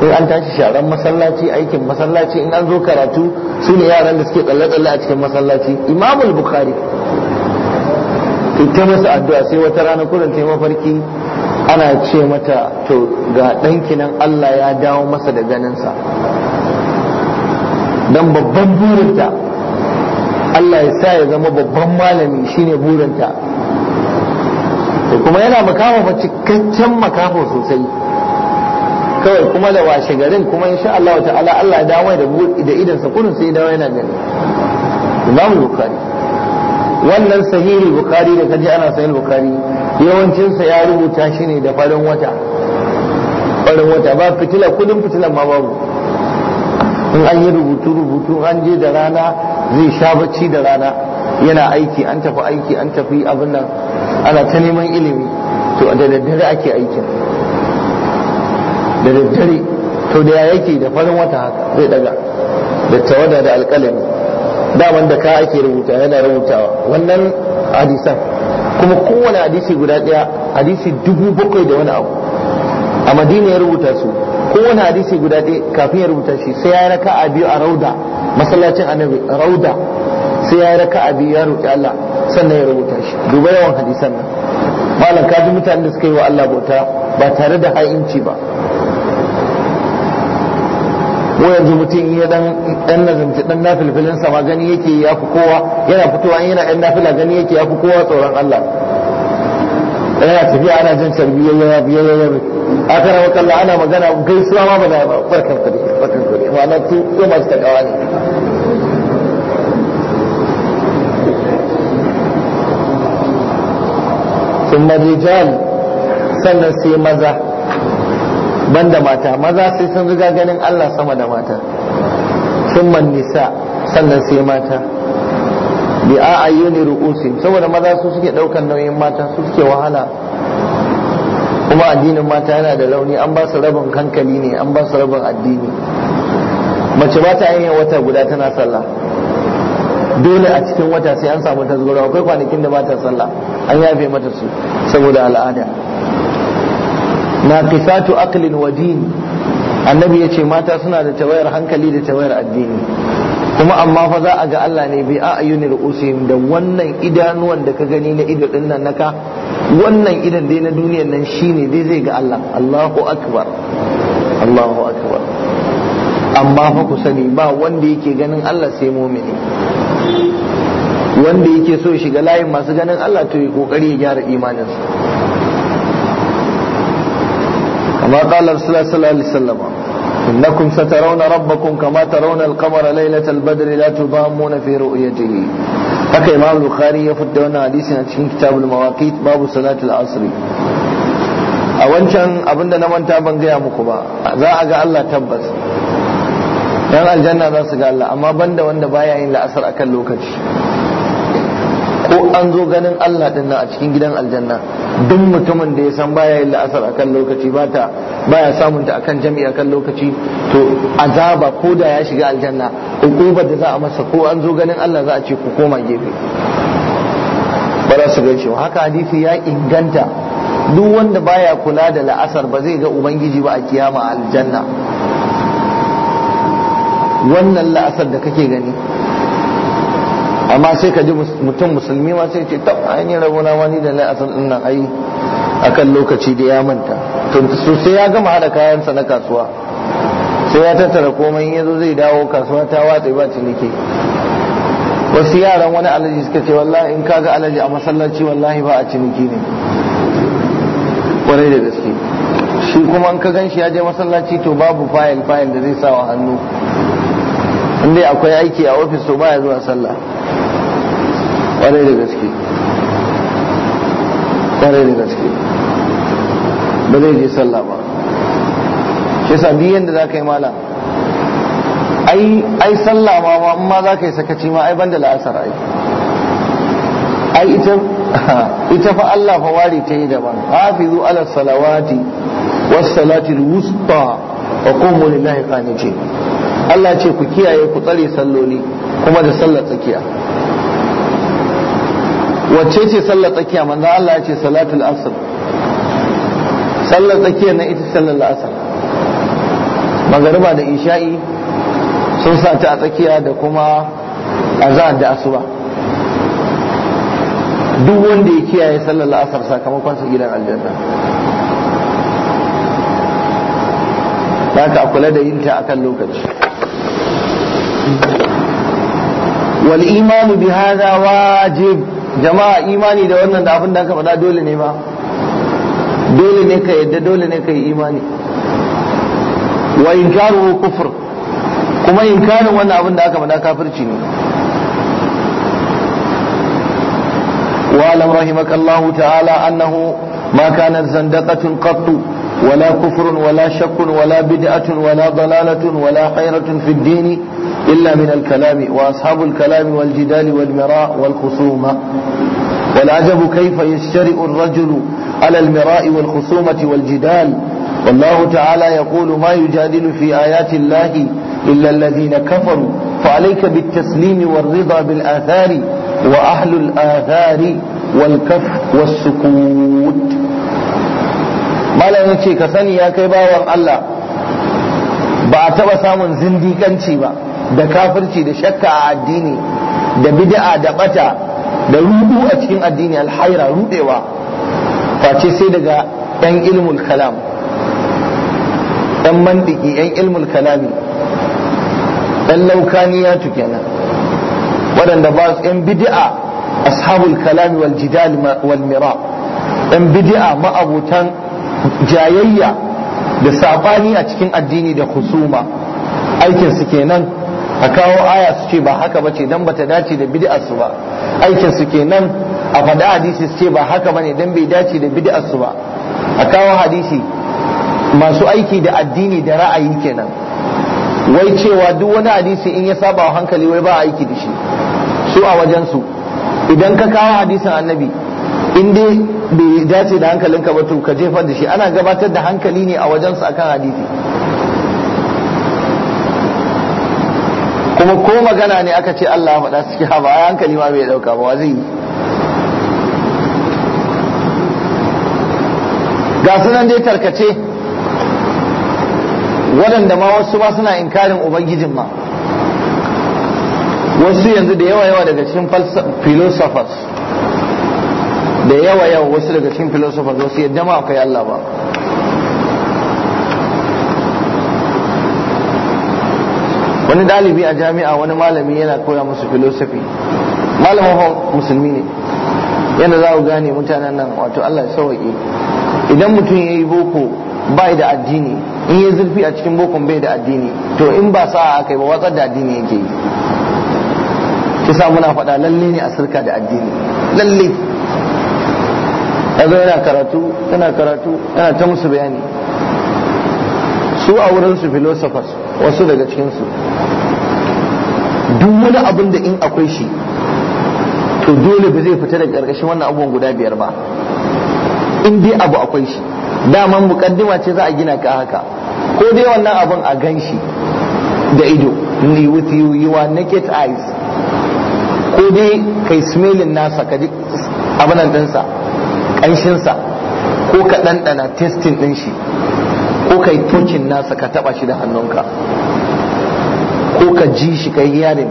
in an tashi sharan masallaci aikin masallaci in an zo karatu su ne yaran da suke tsalle-tsalle a cikin masallaci imamul bukhari ita masa addu'a sai wata rana kullum ta mafarki ana ce mata to ga ɗanki nan Allah ya dawo masa da ganinsa don babban burinta Allah ya sa ya zama babban malami shine burinta to kuma yana ba cikakken makafa sosai kawai kuma da washe garin kuma insha Allah ta'ala Allah ya dawo da da idan sa kurin sai dawo yana gani Imam Bukhari wannan sahihi Bukhari da kaji ana sahihi Bukhari yawancin sa ya rubuta shi ne da farin wata farin wata ba fitila kudin fitilan ma babu in an yi rubutu rubutu an je da rana zai sha bacci da rana yana aiki an tafi aiki an tafi abin nan ana ta neman ilimi to da daddare ake aikin da daddare to da ya yake da farin wata haka zai daga da tawada da alƙalami da wanda ka ake rubuta yana rubutawa wannan hadisan kuma kowane hadisi guda ɗaya hadisi dubu bakwai da wani abu a madina ya rubuta su kowane hadisi guda ɗaya kafin ya rubuta shi sai ya raka a biyu a rauda masallacin annabi rauda sai ya raka abi ya roki Allah sannan ya rubuta shi duba yawan hadisan nan malam ka ji mutanen da suka yi wa Allah bauta ba tare da ha'inci ba Wai yanzu mutum ya dan dan nazamci dan nafilfilin sa ma gani yake ya fi kowa yana fitowa yana dan nafila gani yake ya fi kowa tsoron Allah yana tafiya ana jin tarbiyya ya biya ya bi akara wakalla ana magana gaisuwa ma ba da barkar ka da barkar ma'ana tu ko masu takawa ne sun sannan sai maza banda mata maza sai sun riga ganin Allah sama da mata sun nisa sannan sai mata bi a ayyuni ru'usin saboda maza su suke daukan nauyin mata su suke wahala kuma addinin mata yana da launi an ba su rabin hankali ne an ba su rabin addini mace ba ta yin wata guda tana sallah dole a cikin wata sai an samu tasgaro akwai kwanakin da ba ta sallah an yafe mata su saboda al'ada naqisatu aqlin wa din annabi ya ce mata suna da tawayar hankali da tawayar addini kuma amma fa za a ga Allah ne bi a ayyuni ru'usihim da wannan idanuwan da ka gani na ido din nan naka wannan idan dai na duniyar nan shine dai zai ga Allah Allahu akbar Allahu akbar amma fa ku sani ba wanda yake ganin Allah sai mumini wanda yake so shiga layin masu ganin Allah to yi kokari ya gyara imaninsa kama qala sallallahu alaihi wasallam إنكم سترون ربكم كما al القمر ليلة badri la tubamuna fi ru'yatihi haka imam bukhari ya fitta wannan hadisi a cikin kitabul mawaqit babu salatul asr a wancan abinda na manta ban gaya muku ba za a ga Allah tabbas yan aljanna za su ga Allah amma banda wanda baya yin la'asar akan lokaci ko an zo ganin Allah din a cikin gidan aljanna duk mutumin da ya san baya yin la'asar akan lokaci ta baya samun ta akan jami'a akan lokaci to azaba ko da ya shiga aljanna hukumar da za a masa ko an zo ganin Allah za a ce ku koma gefe ba za su gaishe haka hadisi ya inganta duk wanda baya kula da la'asar ba zai ga ubangiji ba a kiyama aljanna wannan la'asar da kake gani amma sai ka ji mutum musulmi ma sai ce ta ainihin rabona wani da la'asar din nan ai akan lokaci da ya manta sosai sai ya gama hada kayansa na kasuwa sai ya tattara komai ya zo zai dawo kasuwa ta watsa ba ciniki wasu yaran wani alaji suka ce wallahi in kaga alaji a masallaci wallahi ba a ciniki ne kwarai da gaske shi kuma an ka gan shi ya je masallaci to babu fayil fayil da zai sa wa hannu inda akwai aiki a ofis to baya zuwa sallah kwarai da gaske kwarai da gaske ba zai je sallah ba shi sa duk yanda za ka yi mala ai ai sallah ma ma amma za ka yi sakaci ma ai banda la'asar ai ai ita ita fa Allah fa wari ta yi daban hafizu ala salawati was salati al-wusta wa qumu lillahi qanitin Allah ce ku kiyaye ku tsare salloli kuma da sallar tsakiya wacce ce sallar tsakiya manzo Allah ya ce salatul asr sallar tsakiya na ita sallar asr magariba da isha'i sun sa ta a tsakiya da kuma azan da asuba duk wanda ya kiyaye sallar asr sakamakon su gidan aljanna haka ka kula da yinta akan lokaci wal imanu bi hadha wajib jama'a imani da wannan da abin da aka bada dole ne ba dole ne ka da dole ne ka imani wa inkaru kufr kuma inkarin wannan abin da aka kafirci ne رحمك الله تعالى انه ما كانت زندقة قط ولا كفر ولا شك ولا بدعة ولا ضلالة ولا حيرة في الدين إلا من الكلام وأصحاب الكلام والجدال والمراء والخصومة والعجب كيف يشترئ الرجل على المراء والخصومة والجدال والله تعالى يقول ما يجادل في آيات الله إلا الذين كفروا فعليك بالتسليم والرضا بالآثار وأهل الآثار والكف والسكوت ما لا ينشي كسني يا كيبا الله ba a taɓa da kafirci da shakka a addini da bid'a da bata da rudu a cikin addini alhaira rudewa face sai daga ɗan ilmul kalam ɗan mandiki ɗan ilmul kalami yan laukaniya kenan waɗanda ba su ɗan bid'a ashabul kalami wal jidal wal mira ɗan bid'a ma'abutan jayayya da sabani a cikin addini da khusuma aikin su kenan a kawo aya su ce ba haka bace dan bata dace da bid'ar su ba aikin su kenan a faɗa hadisi su ce ba haka bane dan bai dace da bid'ar su ba a kawo hadisi masu aiki da addini da ra'ayi kenan wai cewa duk wani hadisi in ya saba wa hankali wai ba aiki da shi su a wajen su idan ka kawo hadisin annabi in dai bai dace da hankalinka ba to ka jefar da shi ana gabatar da hankali ne a wajen su akan hadisi kuma ko magana ne aka ce Allah ya faɗa suke haɓa a hankali ma bai ɗauka ba wazi ga sunan dai tarkace waɗanda ma wasu ba suna inkarin ubangijin ma wasu yanzu da yawa yawa daga cikin philosophers da yawa yawa wasu daga cikin philosophers wasu yadda ma akwai Allah ba wani dalibi a jami'a wani malami yana koya musu filosofi malamin musulmi ne yadda za ku gane mutanen nan wato Allah ya sauwaƙe idan mutum ya yi boko bai da addini in yi zurfi a cikin bokon bai da addini to in ba sa a yi ba watsar da addini yake yi kisa muna faɗa lalle ne a sirka da addini lalle yanzu yana karatu yana karatu yana ta musu bayani su a wurinsu philosophers wasu daga cikinsu duk wani abin da in akwai shi to dole ba zai fita daga ƙarƙashin wannan abubuwan guda biyar ba in dai abu akwai shi daman mukaddima ce za a gina ka haka ko dai wannan abin a gan shi da ido ni with you you are naked eyes ko dai kai smelling nasa ka ji abinan ɗinsa ƙanshinsa ko ka ɗanɗana testing ɗin shi ko kai tokin nasa ka taba shi da hannunka ko ka ji shi kai yarin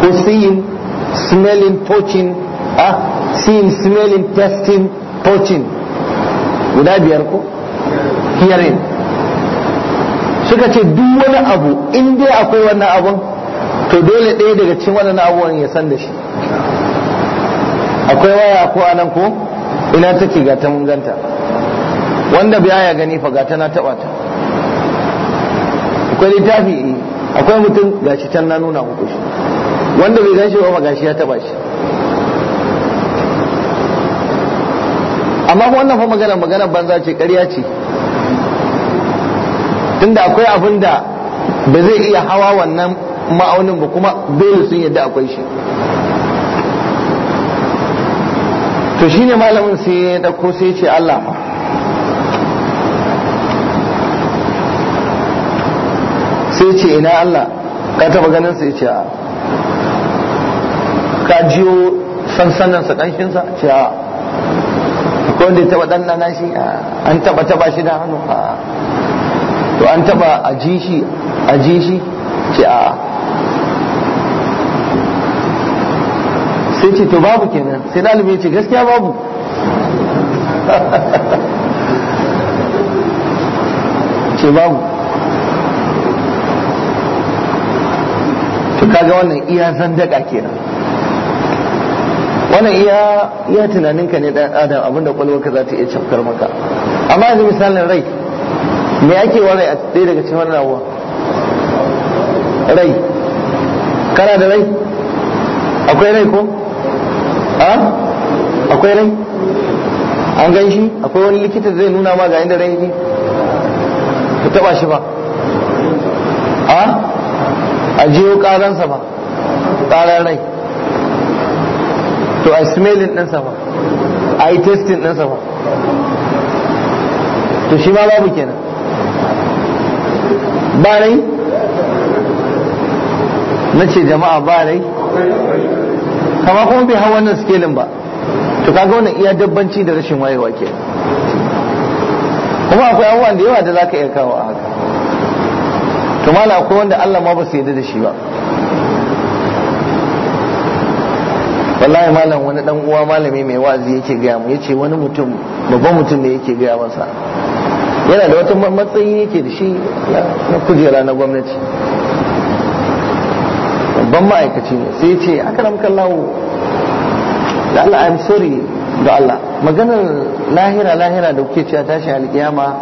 ko seeing smelling touching ah seeing smelling testing touching guda biyar ko hearing suka ce duk wani abu in dai akwai wannan abun to dole ɗaya daga cikin wannan abubuwan ya san da shi akwai waya ko anan ko ina take ga ta mun ganta wanda baya gani fa gata na taba ta akwai littafi akwai mutum gashi can na nuna muku shi wanda bai gashi ba ba gashi ya taba shi amma wannan fa magana magana banza ce ƙarya ce tunda akwai abin da ba zai iya hawa wannan ma'aunin ba kuma bai sun yadda akwai shi to shine malamin sai ya dauko sai ce Allah ma sai ce ina Allah ka taba ganin sai ce a ka jiyo sansanan sa kanshin sa ce a ko wanda ya taba dandana shi an taba taba shi da hannu a to an taba a ji shi a ji shi ce a sai ce to babu kenan sai dalibi ya ce gaskiya babu ce babu to kaga wannan iya zan daga kenan wannan iya iya tunaninka ne dan adam abinda ka za ta iya cafkar maka amma yanzu misalin rai me ake wa rai a ɗaya daga cikin wannan abuwa rai kana da rai akwai rai ko a akwai rai an gan shi akwai wani likita zai nuna ma ga inda rai ne ku taba shi ba a a jiyo karansa ba karan rai to a smelling ɗinsa ba a yi testing ɗinsa ba to shi ma babu kenan ba rai na ce jama'a ba rai kama kuma bai hau wannan scaling ba to kaga wannan iya dabbanci da rashin wayewa ke kuma akwai abubuwan da yawa da za ka iya kawo a haka to mala akwai wanda Allah ma ba su yarda da shi ba wallahi malam wani dan uwa malami mai wa'azi yake gaya mu yace wani mutum babban mutum ne yake gaya masa yana da wata matsayi yake da shi na kujera na gwamnati babban ma'aikaci ne sai aka akaram lawo da Allah I'm sorry da Allah maganar lahira lahira da kuke cewa tashi alkiyama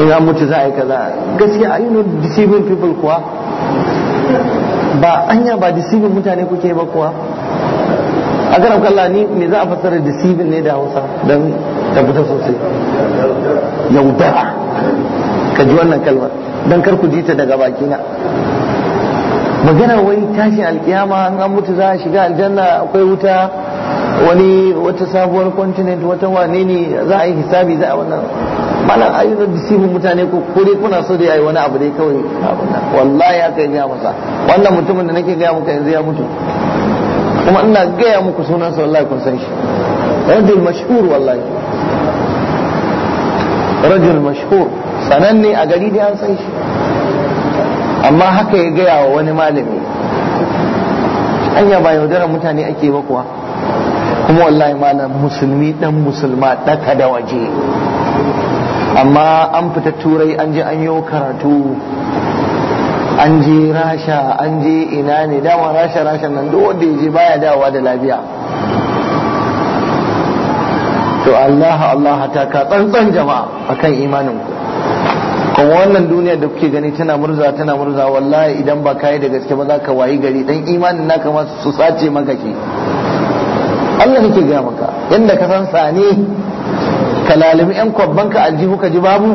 in an mutu za a yi kaza gaskiya a yi not deceiving people kuwa ba anya ba deceiving mutane kuke ba kuwa a garin kalla ni me za a fassara deceiving ne da hausa don tabbatar sosai yauda ka ji wannan kalmar don kar ku ji ta daga bakina magana wai tashin alkiyama an an mutu za a shiga aljanna akwai wuta wani wata sabuwar continent wata wane ne za a yi hisabi za a wannan malam ayu na disibin mutane ko kore kuna so da yayi wani abu dai kawai wallahi aka yi masa wannan mutumin da nake gaya muka yanzu ya mutu kuma ina gaya muku sunan sa wallahi kun san shi rajul mashhur wallahi rajul mashhur sananne a gari dai an san shi amma haka ya gaya wa wani malami anya ba yaudarar mutane ake ba kuwa kuma wallahi malam musulmi dan musulma daka da waje amma an fita turai an je an yi karatu an je rasha an je ina ne dama rasha rasha nan duk wanda ya je baya dawa da lafiya to Allah Allah ta ka tsantsan jama'a akan imanin ku kuma wannan duniya da kuke gani tana murza tana murza wallahi idan ba kai da gaske ba za ka wayi gari dan imanin naka ma su sace maka ke. Allah yake ga maka yanda ka san sani ka lalimi yan kwabban ka aljihu ka ji babu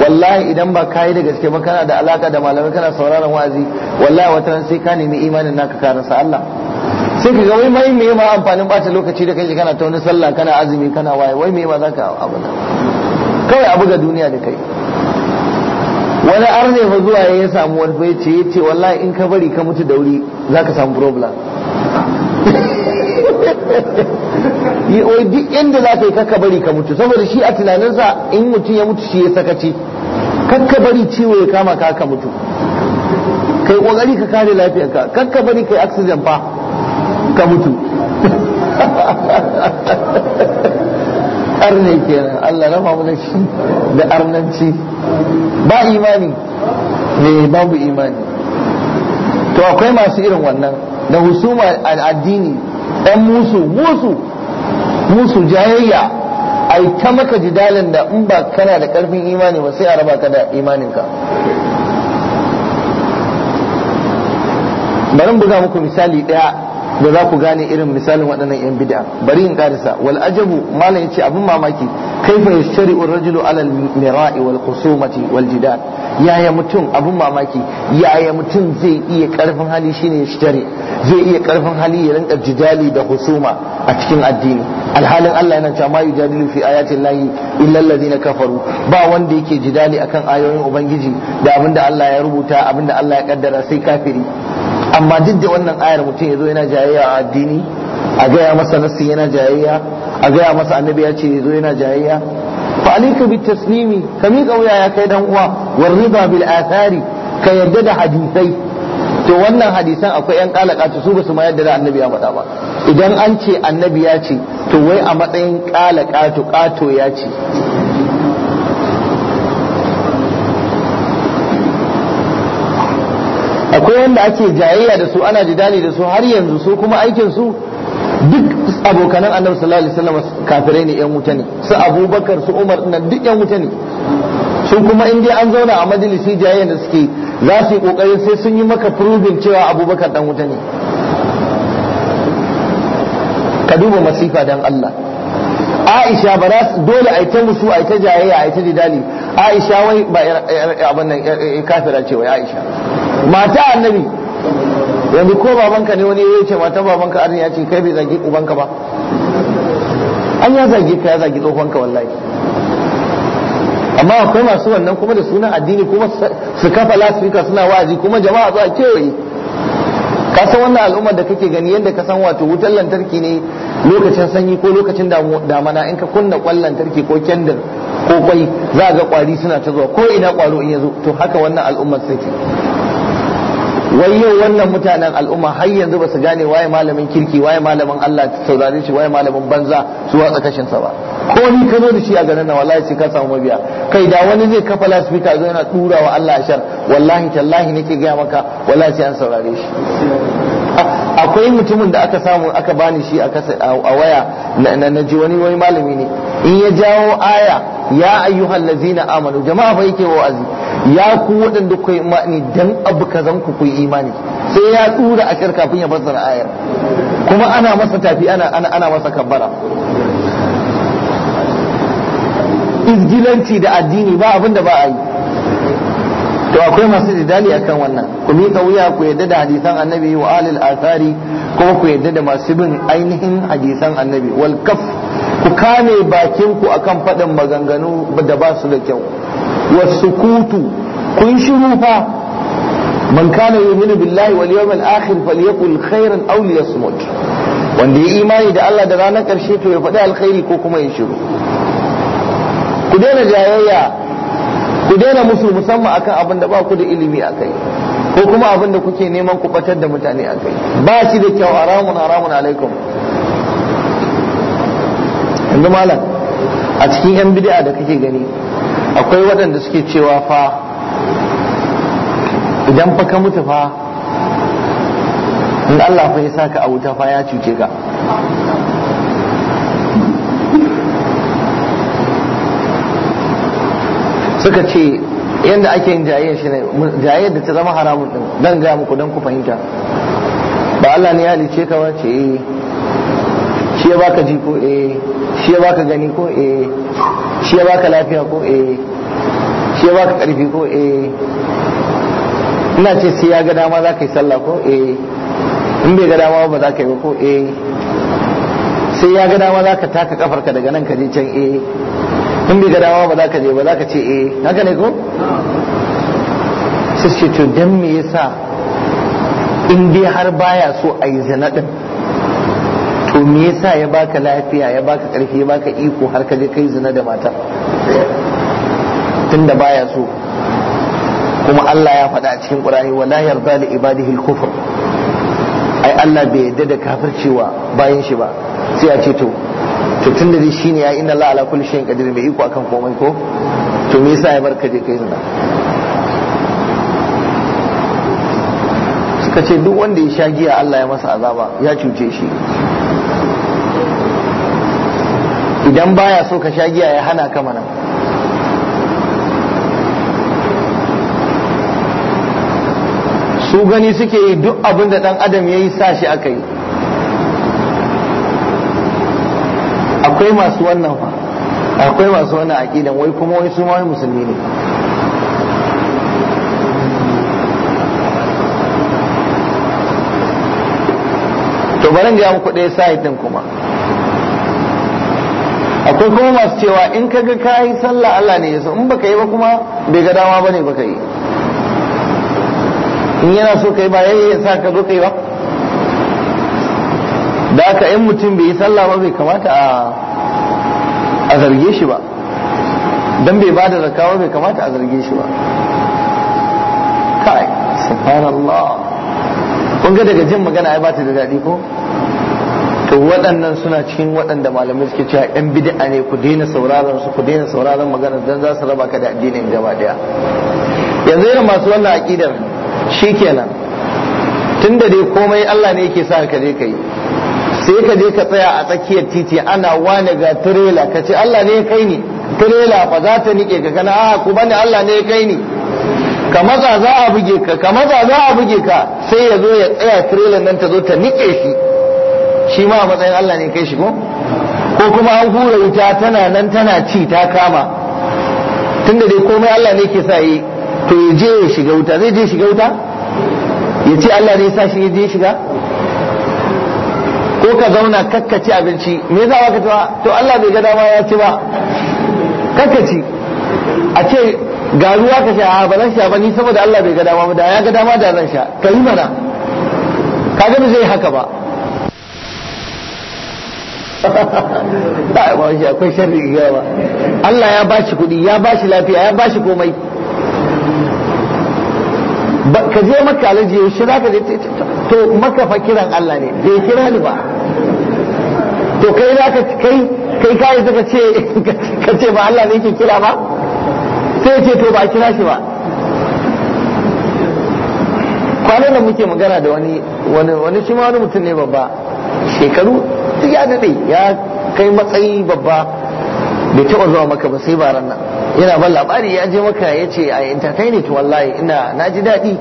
wallahi idan ba kayi da gaske ba kana da alaka da malamai kana sauraron wa'azi wallahi wata ran sai ka nemi imanin naka ka rasa Allah sai ka ga wai mai me ma amfanin bata lokaci da kai kana ta wani sallah kana azumi kana waye wai me ma zaka abu kawai abu ga duniya da kai wani arne fa zuwa ya samu wani bai yace yace wallahi in ka bari ka mutu da wuri zaka samu problem Yi wai duk inda za ka yi kakka bari ka mutu saboda shi a tunaninsa in mutum ya mutu shi ya sakaci kakka bari ciwo ya kama ka ka mutu kai kokari ka kare lafiyarka kakka bari kai oxygen fa ka mutu arne kenan Allah rama mu shi da arnanci ba imani ne babu imani to akwai masu irin wannan da husuma al'addini ɗan musu musu musu jayayya ai ta maka jidalin da in ba kana da karfin imani ba sai a raba ka da imaninka bari buga muku misali daya da za ku gane irin misalin waɗannan yan bid'a bari in karisa wal ajabu malam yace abin mamaki kaifa yashtari'u ar-rajulu ala al-mira'i wal khusumati wal jidal yaya mutum abin mamaki yaya mutum zai iya karfin hali shine yashtari zai iya karfin hali ya rinka jidali da husuma a cikin addini alhalin Allah yana cewa mai jadilu fi ayati llahi illa alladhina kafaru ba wanda yake jidali akan ayoyin ubangiji da abinda Allah ya rubuta abinda Allah ya kaddara sai kafiri amma duk da wannan ayar mutum ya zo yana jayayya a addini a gaya masa nasi yana jayayya a gaya masa annabi ya ce zo yana jayayya fa ka bi taslimi ka miƙa wuya ya kai dan uwa war riba bil athari ka yarda da hadisai to wannan hadisan akwai yan kalaka su basu ma yarda da annabi ya faɗa ba idan an ce annabi ya ce to wai a matsayin kalakatu kato ya ce wanda ake jayayya da su ana jidali da su har yanzu su kuma aikin su duk abokanan annabi sallallahu alaihi wasallam kafirai ne yan wuta ne su abubakar su umar nan duk yan wuta ne sun kuma in dai an zauna a majalisi jayayya da suke za su yi kokarin sai sun yi maka proving cewa abubakar dan wuta ne ka duba masifa dan Allah Aisha ba za su dole a ta musu a ta jayayya a ta jidali Aisha wai ba abin nan kafira ce wai Aisha mata annabi yanzu ko babanka ne wani ya ce mata babanka arin ya ce kai bai zagi ubanka ba an ya zagi ka ya zagi tsohonka wallahi amma akwai masu wannan kuma da sunan addini kuma su kafa lasifika suna wa'azi kuma jama'a zuwa kewaye ka san wannan al'ummar da kake gani yadda ka san wato wutar lantarki ne lokacin sanyi ko lokacin damana in ka kunna kwan lantarki ko kyandir ko kwai za ga kwari suna ta zuwa ko ina kwaro in ya zo to haka wannan al'ummar sai wai yau wannan mutanen al'umma har yanzu ba su gane waye malamin kirki waye malamin Allah saurare shi waye malamin banza su watsa kashin sa ba ko ni ka zo da shi a garin nan wallahi sai ka samu mabiya kai da wani zai kafa lasfika zo yana dura wa Allah ashar wallahi tallahi nake gaya maka wallahi an saurare shi akwai mutumin da aka samu aka bani shi a waya na ji wani wani malami ne in ya jawo aya ya ayyuhallazina amanu jama'a fa yake wa'azi ya ku waɗanda ku imani dan abu zan ku ku imani sai ya tsura ashir kafin ya fassara ayar kuma ana masa tafi ana masa kabbara izgilanci da addini ba abin da ba a yi to akwai masu didali akan wannan ku miƙa wuya ku yadda da hadisan annabi wa alil asari kuma ku yadda da masu bin ainihin hadisan annabi wal kaf ku kame bakin ku akan faɗin maganganu da ba su da kyau wasukutu kun shiru fa man kana yu'minu billahi wal yawmil akhir falyakul khairan wanda ya imani da Allah da ranar karshe to ya faɗi alkhairi ko kuma ya shiru ku daina jayayya ku daina musu musamman akan abin da ba ku da ilimi kai ko kuma abin da kuke neman ku batar da mutane kai. ba shi da kyau haramun haramun alaikum yanzu malam a cikin yan bid'a da kake gani akwai waɗanda suke cewa fa idan fa ka mutu fa in Allah fa ya saka a wuta fa ya cuce ka suka ce yadda ake yin jayayyar shi ne jayayyar da ta zama haramun din dan ga muku dan ku fahimta ba Allah ne ya halice ka ba ce eh. shi ya baka ji ko eh shi ya baka gani ko eh shi ya baka lafiya ko eh shi ya baka karfi ko eh ina ce sai ya ga dama za ka yi sallah ko eh in bai ga dama ba za ka yi ko eh sai ya ga dama za ka taka kafarka daga nan ka je can eh in bai ga dama ba za ka je ba za ka ce eh haka ne ko sai ce to dan me yasa in dai har baya so a yi zina din to me yasa ya baka lafiya ya baka karfi ya baka iko har ka je kai zina da mata tunda baya so kuma Allah ya faɗa a cikin Qur'ani la yarda li ibadihi al-kufr ai Allah bai yarda da kafircewa bayan shi ba sai a ce to to tunda dai shine ya inna Allah ala kulli shay'in qadir mai iko akan komai ko to me yasa ya barka je kai zina suka ce duk wanda ya sha giya Allah ya masa azaba ya cuce shi idan baya so ka sha giya ya hana ka mana su gani suke yi duk abin da dan adam ya yi sa shi aka yi akwai masu wannan fa akwai masu wannan aƙidan wai kuma wai su ma musulmi ne to barin ga muku ɗaya sa din kuma akwai kuma masu cewa in ka ga kayi sallah Allah ne ya so in baka yi ba kuma bai ga dama bane baka yi in yana so kai ba yayi yasa sa ka zo kai ba da aka in mutum bai yi sallah ba bai kamata a zarge shi ba dan bai bada zakawa bai kamata a zarge shi ba kai subhanallah kun ga daga jin magana ai ba ta da daɗi ko to waɗannan suna cikin waɗanda malamai suke cewa ɗan bid'a ne ku daina sauraron su ku daina sauraron magana don za su raba ka da addinin gaba daya yanzu yana masu wannan kenan shikenan da dai komai Allah ne yake sa ka je yi sai ka je ka tsaya a tsakiyar titi ana wane ga tirela ka ce Allah ne kai ni tirela ba za ta niƙe ka kana a ku bani Allah ne kai ni ka maza za a buge ka ka maza za a buge ka sai ya zo ya tsaya tirelan nan ta zo ta niƙe shi shi ma a matsayin Allah ne kai shi ko ko kuma an hura wuta tana nan tana ci ta kama tunda dai komai Allah ne ke sa yi to ya je ya shiga wuta zai je shiga wuta ya ce Allah ne ya sa shi ya je shiga ko ka zauna kakkaci abinci me za ka ci to Allah bai ga dama ya ci ba kakkaci a ce ga ruwa ka sha ba zan sha ba ni saboda Allah bai ga dama da ya ga dama da zan sha kai mana kaga ba zai haka ba ba ba shi akwai sharri ga ba Allah ya bashi kuɗi ya bashi lafiya ya bashi komai ka je maka alaji yau shi zaka je to maka fa kiran Allah ne bai kira ni ba to kai zaka kai kai kai zaka ce ka ce ba Allah ne yake kira ba sai ce to ba kira shi ba kwanan da muke magana da wani wani wani shi ma wani mutum ne babba shekaru duk ya daɗe ya kai matsayi babba bai taɓa zuwa maka ba sai baran nan yana ba labari ya je maka ya ce a entertain it wallahi ina na ji daɗi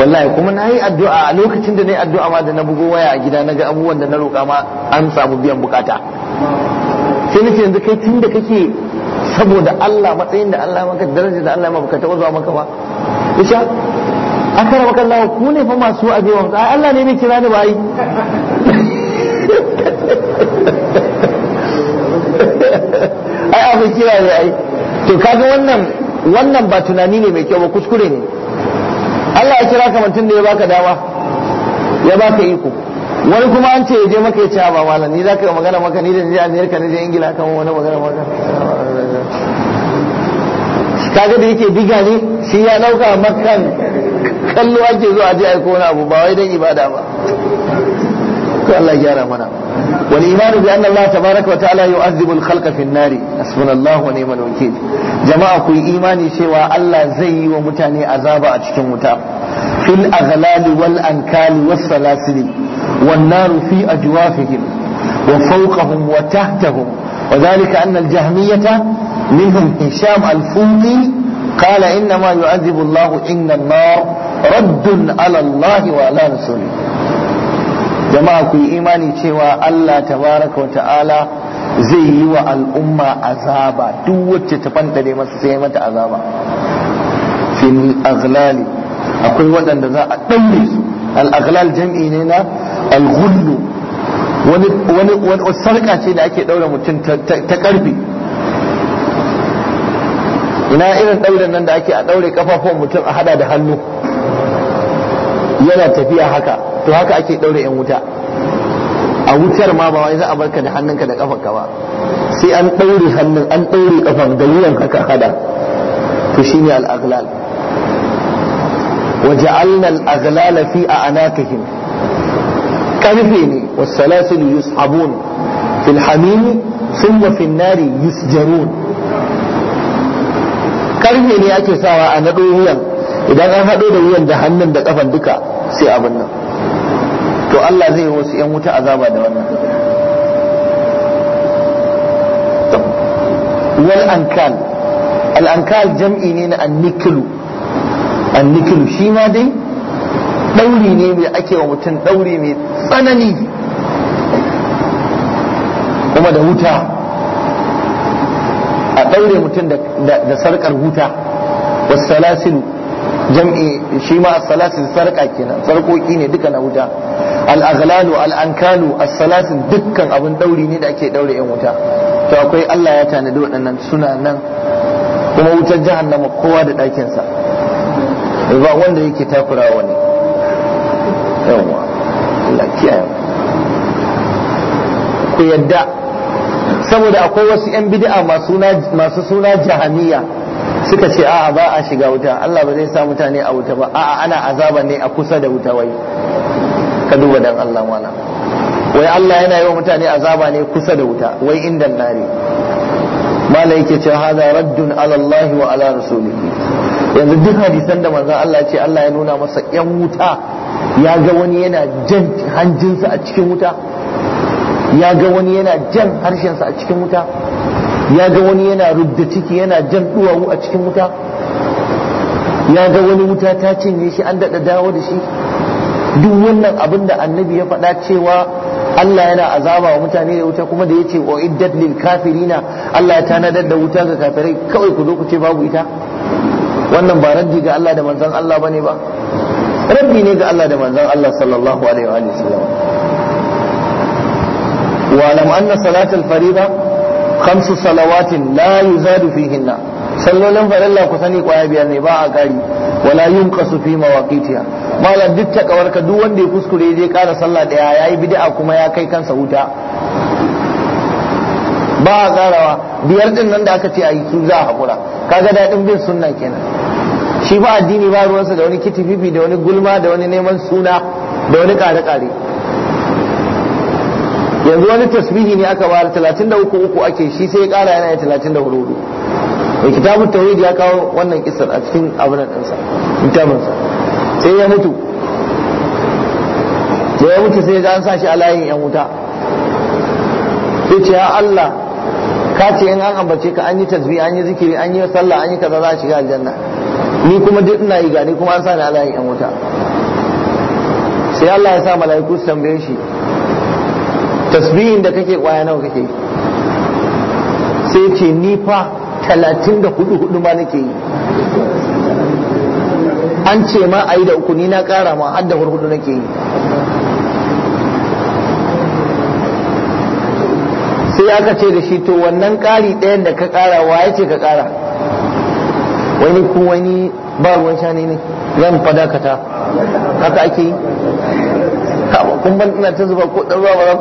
wallahi kuma na yi addu'a a lokacin da na yi addu'a ma da na bugo waya a gida na ga abubuwan da na roƙa ma an samu biyan bukata sai nace yanzu kai tun da kake saboda Allah matsayin da Allah maka daraja da Allah maka taɓa zuwa maka ba isha akara maka Allah ku ne fa masu ajewa ai Allah ne mai kira ni ba ai ai abin kira ne ai to kaga wannan wannan ba tunani ne mai kyau ba kuskure ne Allah ya kira kamar tun da ya baka dama ya baka iko wani kuma an ce ya je maka ya ce ba malam ni zaka magana maka ni da ni Amerika ni da Ingila kan wani magana maka kaga da yake diga ne shi ya dauka makan kallo ake zuwa je aiko wani abu ba wai dan ibada ba ko Allah ya gyara mana ba. والإيمان بأن الله تبارك وتعالى يؤذب الخلق في النار حسبنا الله ونعم الوكيل جماعة كوي إيماني سوى الله زي ومتاني عذاب أتشكم متاب في الأغلال والأنكال والسلاسل والنار في أجوافهم وفوقهم وتحتهم وذلك أن الجهمية منهم هشام الفوقي قال إنما يعذب الله إن النار رد على الله وعلى رسوله jama'a ku yi imani cewa Allah tabaraka wa ta'ala zai yi wa al'umma azaba duk wacce ta fantare masa sai mata azaba fil aghlali akwai waɗanda za a ɗaure su al-aghlal jam'i ne na al-ghullu wani wani sarka ce da ake ɗaure mutum ta ƙarfi ina irin ɗauren nan da ake a ɗaure kafafuwan mutum a hada da hannu yana tafiya haka to haka ake daure yan wuta a wutar ma ba wai za a barka da hannunka da kafanka ba sai an daure hannun an daure kafan da wuyan haka hada to shine al-aghlal وجعلنا الأغلال في أعناقهم كرفيني والسلاسل يسحبون في الحميم ثم في النار يسجرون karfe ne ake sawa a naɗo wuyan idan an haɗo da wuyan da hannun da kafan duka sai abin nan to Allah zai wasu 'yan wuta azaba da wannan wal ankal al ankal jam'i ne na annikilu annikilu shi ma dai ɗauri ne mai ake wa mutum ɗauri mai tsanani kuma da wuta a ɗaure mutum da sarƙar wuta wasu salasilu jam'i shi ma salasil sarƙa kenan sarƙoƙi ne duka na wuta alazalalu al'ankalu as-salasin dukkan abin dauri ne da ake daure yan wuta to akwai Allah ya tanadi waɗannan suna nan kuma wutar jihar jahannama kowa da ɗakinsa ba wanda yake takura wani yawwa lafiya kiyaye ku yadda saboda akwai wasu yan bid'a masu suna jahaniya suka ce a'a ba a shiga wuta Allah ba zai sa mutane a wuta ba a'a ana azaba ne a kusa da wuta wai ka duba dan Allah wala wai Allah yana yi wa mutane azaba ne kusa da wuta wai inda nari mala yake cewa hada raddun ala Allah wa ala rasulihi yanzu duk hadisan da manzon Allah ce Allah ya nuna masa yan wuta ya ga wani yana jan hanjinsa a cikin wuta ya ga wani yana jan harshensa a cikin wuta ya ga wani yana rubda ciki yana jan duwawu a cikin wuta ya ga wani wuta ta cinye shi an daɗa dawo da shi duk wannan abin da annabi ya faɗa cewa Allah yana azaba wa mutane da wuta kuma da ya ce wa iddat lil kafirina Allah ya tanadar da wuta ga kafirai kawai ku zo ku ce babu ita wannan ba raddi ga Allah da manzon Allah bane ba raddi ne ga Allah da manzon Allah sallallahu alaihi wa sallam wa lam anna salatul fariida khamsu salawatin la yuzadu fihinna sallolin farilla ku sani kwaya biyar ne ba a kari wala yunqasu fi mawaqitiha malam duk ta ka duk wanda ya kuskure zai kara sallah daya yayi bid'a kuma ya kai kansa wuta ba a biyar din nan da aka ce a yi su za a hakura kaga daɗin bin sunna kenan shi ba addini ba ruwansa da wani kitififi da wani gulma da wani neman suna da wani kare-kare yanzu wani tasbihi ne aka talatin 33 uku ake shi sai ya kara yana ya 34 hudu mai kitabun tauhid ya kawo wannan kisar a cikin abin ɗinsa sa. sai ya mutu sai ya mutu sai an sa shi a layin yan wuta sai ce ya Allah ka ce in an ambace ka an yi tasbi an yi zikiri an yi sallah an yi kaza za a shiga aljanna ni kuma duk ina yi gani kuma an sa ni a layin yan wuta sai Allah ya sa mala'iku su tambaye shi tasbihin da kake kwaya nawa kake sai ce ni fa talatin da hudu hudu ma nake yi an ce ma a yi da uku ni na kara ma har da hurhudu nake yi sai aka ce da shi to wannan kari ɗayan da ka kara wa ya ce ka kara wani ku wani ba ruwan shani ne zan fadakata haka ake yi kun ban ina ta zuba ko ɗan ruwa ba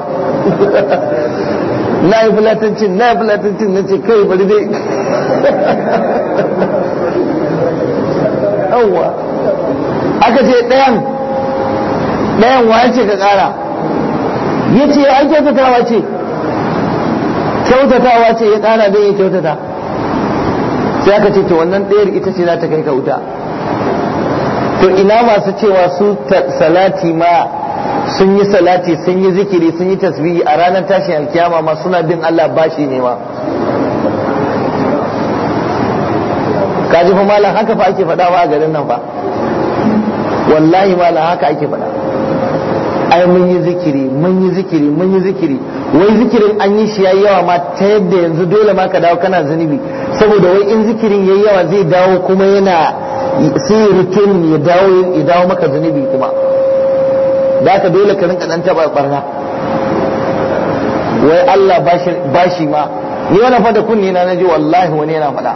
na yi fulatancin na yi fulatancin na ce kai bari dai yawwa aka ce ɗayan ɗayan wa ce ka ƙara ya ce ai kyautatawa ce kyautatawa ce ya ƙara don ya kyautata sai aka ce to wannan ɗayar ita ce za ta kai ka wuta to ina masu cewa su salati ma sun yi salati sun yi zikiri sun yi tasbihi a ranar tashin alkiyama ma suna bin Allah bashi ne ma kaji fa malam haka fa ake faɗawa a garin nan fa wallahi ma haka ake faɗa ai mun yi zikiri mun yi zikiri mun yi zikiri wai zikirin an yi shi yayi yawa ma ta yadda yanzu dole ma ka dawo kana zunubi saboda wai in zikirin yayi yawa zai dawo kuma yana sai return ya dawo ya dawo maka zunubi kuma da ka dole ka rinka dan taba barna wai Allah bashi bashi ma ni wannan fa da kunni na naji wallahi wani yana faɗa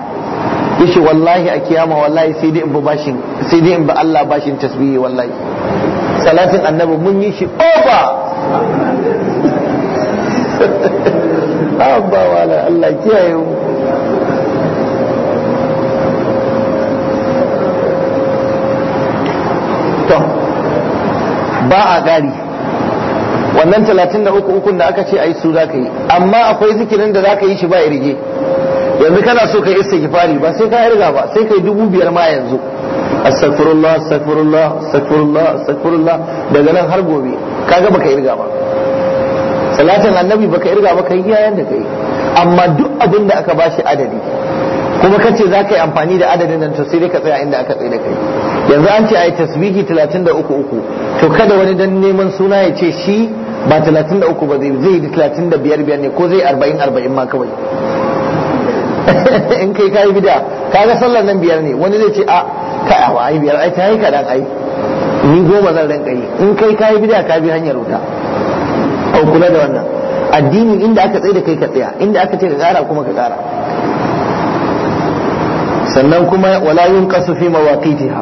yace wallahi a kiyama wallahi sai dai in ba bashin sai dai in ba Allah bashin tasbihi wallahi salatin annabi mun yi shi over abba wala Allah kiyaye mu to ba a gari wannan talatin da uku ukun da aka ce a yi su za ka yi amma akwai zikirin da za ka yi shi ba irge yanzu kana so ka istighfari ba sai ka irga ba sai kai dubu biyar ma yanzu astaghfirullah astaghfirullah astaghfirullah astaghfirullah daga nan har gobe kaga baka irga ba salatin annabi baka irga ba kai iyayen da kai amma duk abin da aka bashi adadi kuma kace za ka yi amfani da adadin nan to sai dai ka tsaya inda aka tsaye da kai yanzu an ce a yi tasbihi 33 to kada wani dan neman suna ya ce shi ba 33 ba zai yi 35 ne ko zai 40 40 ma kawai in kai kai bid'a kaga sallar nan biyar ne wani zai ce a kai a ai biyar ai kai kadan ai ni goma zan rinka yi in kai kai bid'a ka bi hanyar wuta au kula da wannan addini inda aka tsaye da kai ka tsaya inda aka ce ka kara kuma ka kara sannan kuma wala yunqasu fi mawaqitiha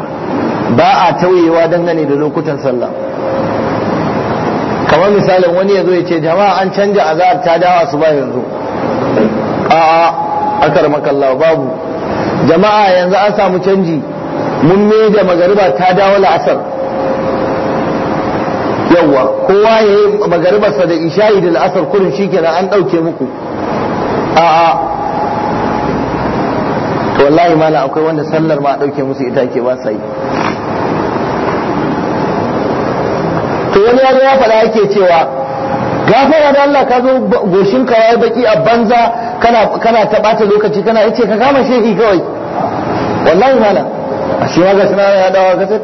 ba a tauyewa dangane da lokutan sallah kamar misalin wani ya zo ya ce jama'a an canja azhar ta dawo asuba yanzu a'a Makalla babu jama'a yanzu an samu canji mun me da magariba ta dawo la'asar yawa kowa ya yi magaribarsa da isha'i da la'asar kurin kenan an ɗauke muku a'a to wallahi mala akwai wanda sallar ma ɗauke musu ita ke ba sa yi to wani ya faɗa yake cewa gafara da Allah ka zo goshin kawai baki a banza kana kana ta bata lokaci kana yace ka kama shehi kawai wallahi malam a shi ga suna ya dawo ka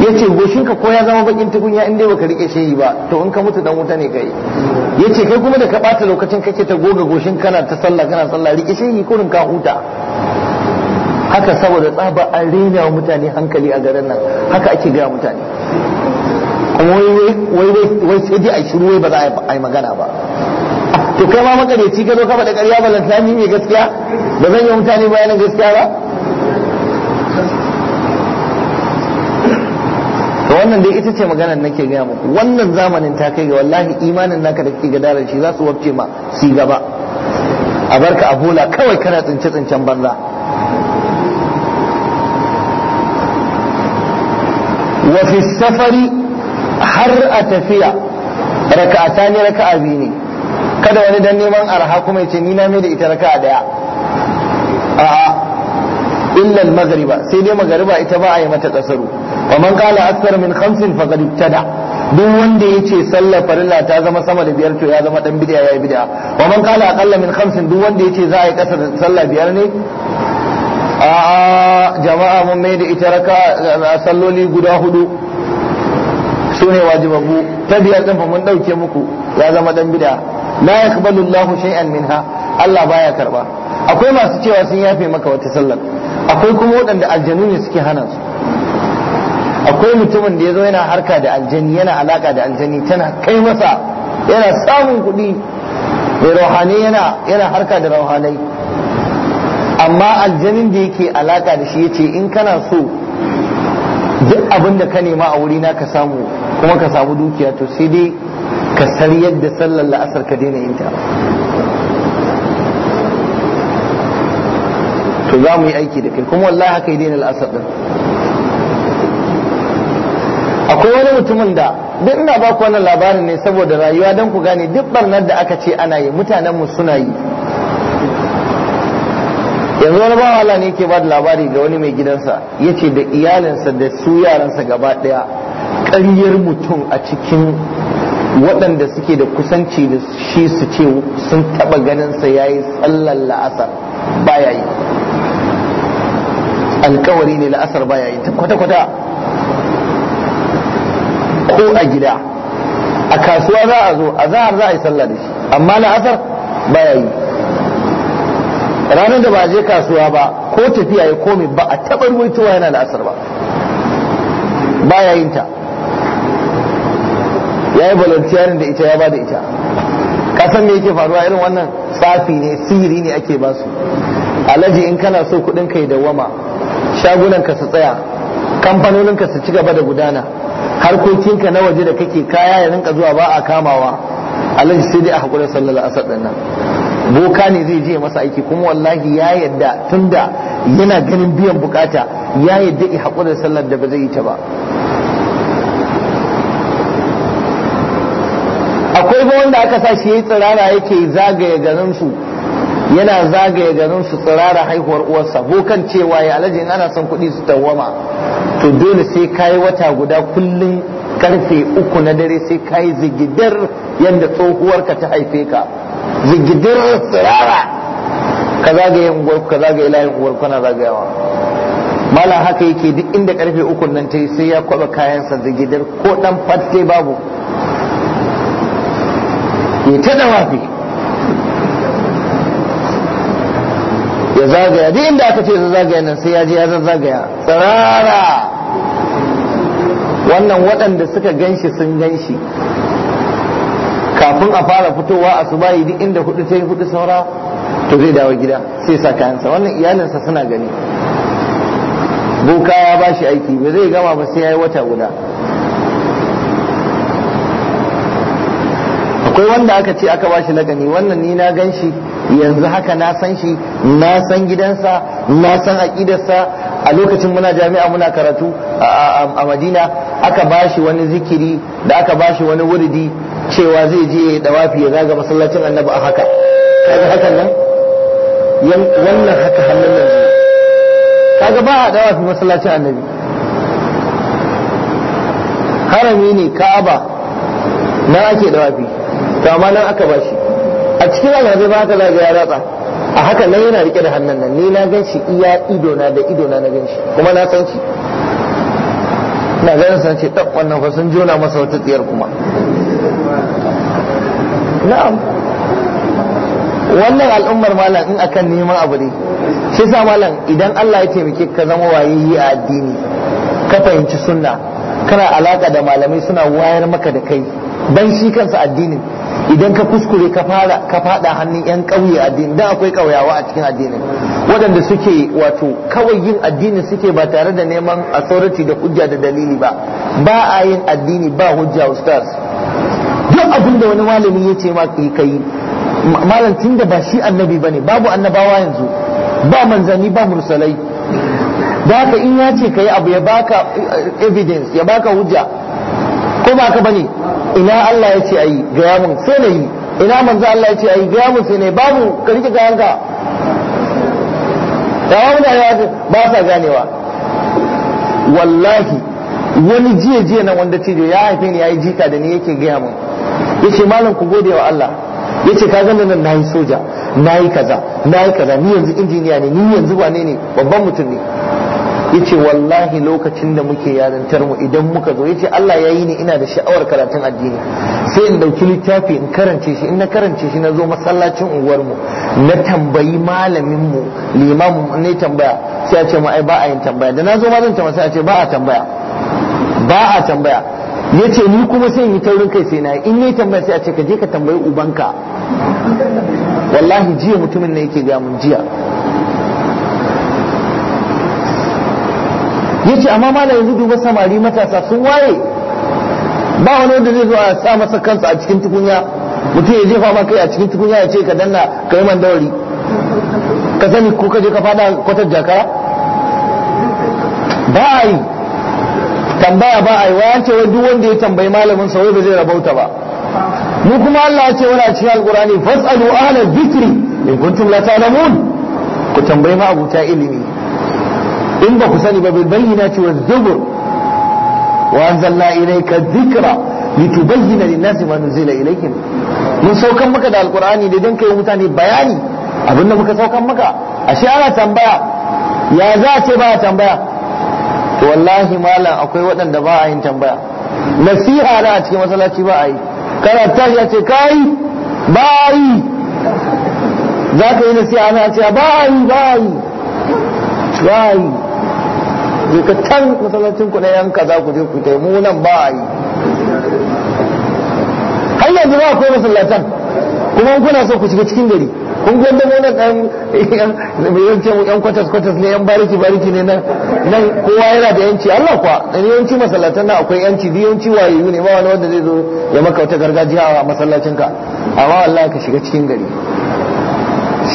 Ya yace goshinka ko ya zama bakin tukunya in dai baka rike shehi ba to in ka mutu dan wuta ne kai yace kai kuma da ka bata lokacin kake ta goga goshin kana ta sallah kana sallah rike shehi kurin ka huta haka saboda tsaba an rena wa mutane hankali a garin nan haka ake gaya mutane kuma wai wai wai sai dai a shiru wai ba za a yi magana ba to kai ma ne ka zo ka faɗa ƙarya balanta ni ne gaskiya ba zan yi mutane bayanin gaskiya ba to wannan dai ita ce maganar nake gaya muku wannan zamanin ta kai ga wallahi imanin naka da kike gadarar shi za su wabce ma si gaba a barka a bola kawai kana tsince tsincen banza wa fi safari har a tafiya ta ne raka'a biyu ne kada wani dan neman arha kuma ya ce ni na mai da ita raka daya a'a illa al-maghriba sai dai maghriba ita ba a yi mata kasaru wa man qala akthar min khamsin faqad ibtada duk wanda ya ce sallar farilla ta zama sama da biyar to ya zama dan bid'a ya yi bid'a wa man qala aqalla min khamsin duk wanda ya ce za a yi kasar sallah biyar ne a'a jama'a mun mai da ita raka salloli guda hudu su ne wajibabu ta biyar din fa mun dauke muku ya zama dan bid'a la yaqbalu Allahu shay'an minha Allah baya karba akwai masu cewa sun yafe maka wata sallar akwai kuma waɗanda aljanu ne suke hana su akwai mutumin da ya zo yana harka da aljani yana alaka da aljani tana kai masa yana samun kuɗi mai rauhanai yana yana harka da rauhanai amma aljanin da yake alaka da shi yace in kana so duk abin da ka nema a wurina ka samu kuma ka samu dukiya to sai dai ka san yadda sallar la'asar ka daina yin ta to za mu yi aiki da kai kuma wallahi haka yi daina la'asar din akwai wani mutumin da duk ina ba ku labarin ne saboda rayuwa don ku gane duk barnar da aka ce ana yi mutanen mu suna yi yanzu wani bawa Allah ne yake ba da labari ga wani mai gidansa ya ce da iyalinsa da su yaransa gaba ɗaya ƙaryar mutum a cikin waɗanda suke da kusanci da shi su ce sun taɓa ganinsa ya yi tsallar la'asar Ba ya yi alkawari ne la'asar ba ya yi kwata-kwata ko a gida a kasuwa za a zo a zahar za a yi sallah da shi amma la'asar Ba ya yi ranar da ba je kasuwa ba ko tafiya ya komi ba a taɓa ruwaitowa yana la'asar ba Ba ya yin ta ya yi volunteering da ita ya ba da ita kasan me yake faruwa irin wannan tsafi ne sihiri ne ake ba su alaji in kana so kudin kai da wama shagunan ka su tsaya kamfanonin ka su ci gaba da gudana harkokinka na waje da kake kaya ya rinka zuwa ba a kamawa alaji sai dai a hakuri sallallahu alaihi wasallam boka ne zai je masa aiki kuma wallahi ya yadda tunda yana ganin biyan bukata ya yadda i hakuri sallar da ba zai yi ta ba akwai ba wanda aka sa shi yi tsirara yake zagaye ganin su yana zagaya ganin su tsirara haihuwar uwarsa ko kan cewa ya alaji ana son kuɗi su tawama to dole sai kayi wata guda kullum karfe uku na dare sai kayi zigidar yadda tsohuwarka ta haife ka zigidar tsirara ka zagaye unguwarku ka layin unguwarku kana zagayawa mala haka yake duk inda karfe uku nan ta yi sai ya kwaba kayansa zigidar ko dan fatte babu ya ta wafi ya zagaya duk inda aka ce su zagaya nan sai ya je ya zagaya tsirara wannan waɗanda suka ganshi sun ganshi kafin a fara fitowa a su bayi duk inda hudu ta yi hudu saura to zai dawo gida sai sa kayansa wannan iyalinsa suna gani bukawa ba shi aiki ba zai gama ba sai ya yi wata guda akwai wanda aka ce aka bashi lagani wannan ni na gan shi yanzu haka na san shi na san gidansa na san aqidarsa a lokacin muna jami'a muna karatu a madina aka bashi wani zikiri da aka bashi wani wuridi cewa zai je ya dawafi ya zaga masallacin annabi a haka kaga hakan nan wannan haka hannun nan kaga ba a dawafi masallacin annabi harami ne ka'aba na ake dawafi to amma nan aka ba shi a cikin alhazai ba ta zaga ya ratsa a haka nan yana rike da hannun nan ni na gan shi iya idona da idona na gan shi kuma na san shi na ganin san ce tab wannan fa sun jona masa wata tsiyar kuma na'am wannan al'ummar malam in akan neman abu ne shi sa malam idan Allah ya taimake ka zama waye yi a addini ka fahimci sunna kana alaka da malamai suna wayar maka da kai dan shi kansa addinin idan ka kuskure ka fara ka fada hannun yan ƙauye addini dan akwai ƙauyawa a cikin addinin waɗanda suke wato kawai yin addini suke ba tare da neman authority da hujja da dalili ba ba a yin addini ba hujja ustaz duk abin da wani malami ya ce ma kai malam tun da ba shi annabi bane babu annabawa yanzu ba manzanni ba mursalai da haka in ya ce kai abu ya baka eh, evidence ya baka hujja ko ba ka bane ina Allah ya ce ayi gaya mun sai na yi ina manzo Allah ya ce ayi gaya mun sai na yi babu ka rike kayanka wani da ya ba sa ganewa wallahi wani jiya jiya nan wanda ce ya haife ni yayi jika da ni yake gaya mun yace malam ku gode wa Allah yace ka gani nan nayi soja nayi kaza nayi kaza ni yanzu injiniya ne ni yanzu wane ne babban mutum ne yace wallahi lokacin da muke yarantar mu idan muka zo yace Allah ya yi ni ina da sha'awar karatun addini sai in dauki littafi in karance shi in na karance shi na zo masallacin unguwar mu na tambayi malamin mu limamu ne tambaya sai a ce mu ai ba a yin tambaya da na zo ma zan tambaya sai a ce ba a tambaya ba a tambaya yace ni kuma sai in yi taurin kai sai na in yi tambaya sai a ce ka je ka tambayi ubanka wallahi jiya mutumin ne yake ga mun jiya ya ce amma mala yanzu duba samari matasa sun waye ba wani wanda zai zo a sa masa kansa a cikin tukunya mutum ya jefa ma kai a cikin tukunya ya ce ka danna ka yi mandawari ka sani ko ka je ka fada kwatar jakara ba a yi tambaya ba a yi wa ce duk wanda ya tambayi malamin sa wai ba zai rabauta ba mu kuma Allah ya ce wani a cikin alkurani fasalu ahla dhikri in kuntum la ta'lamun ku tambayi ma abuta ilimi in ba ku sani ba bai bayyana waz zubur wa anzalna ilayka dhikra litubayyana lin-nasi ma nuzila ilayhim mun saukan maka da alqur'ani ne dan kai mutane bayani abin da muka saukan maka ashe ana tambaya ya za a ce ba a tambaya to wallahi malam akwai waɗanda ba a yin tambaya nasiha na a cikin masallaci ba a yi kana tashi a ce kai ba a yi za ka yi nasiha na a ce ba a yi ba a yi ba a yi je ka can masallacin ku na yan kaza ku je ku kai mu nan ba a yi har yanzu ba akwai masallacin kuma kuna so ku shiga cikin gari kun gwanda mu nan ɗan yan ce yan kwatas kwatas ne yan bariki bariki ne nan nan kowa yana da yanci Allah kuwa dan yanci masallatan nan akwai yanci duk yanci waye ne ba wani wanda zai zo ya maka wata gargajiya a masallacin ka amma Allah ka shiga cikin gari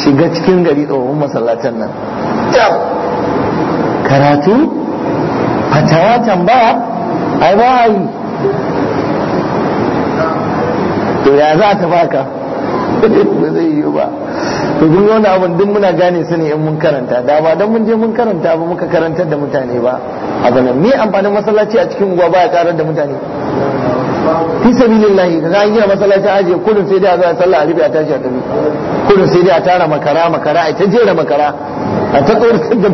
shiga cikin gari tsohon masallacin nan karatu fatawa tambaya ai ba a yi to ya za ta baka ba zai yi ba to kun wani abin duk muna gane su ne in mun karanta da ba don mun je mun karanta ba muka karantar da mutane ba A nan me amfanin masallaci a cikin ba baya karar da mutane fi sabilillahi ka ga gina masallaci aje kudin sai dai a zo a sallah a rufe a tashi a tafi kudin sai dai a tara makara makara a ta jera makara a ta tsorkar da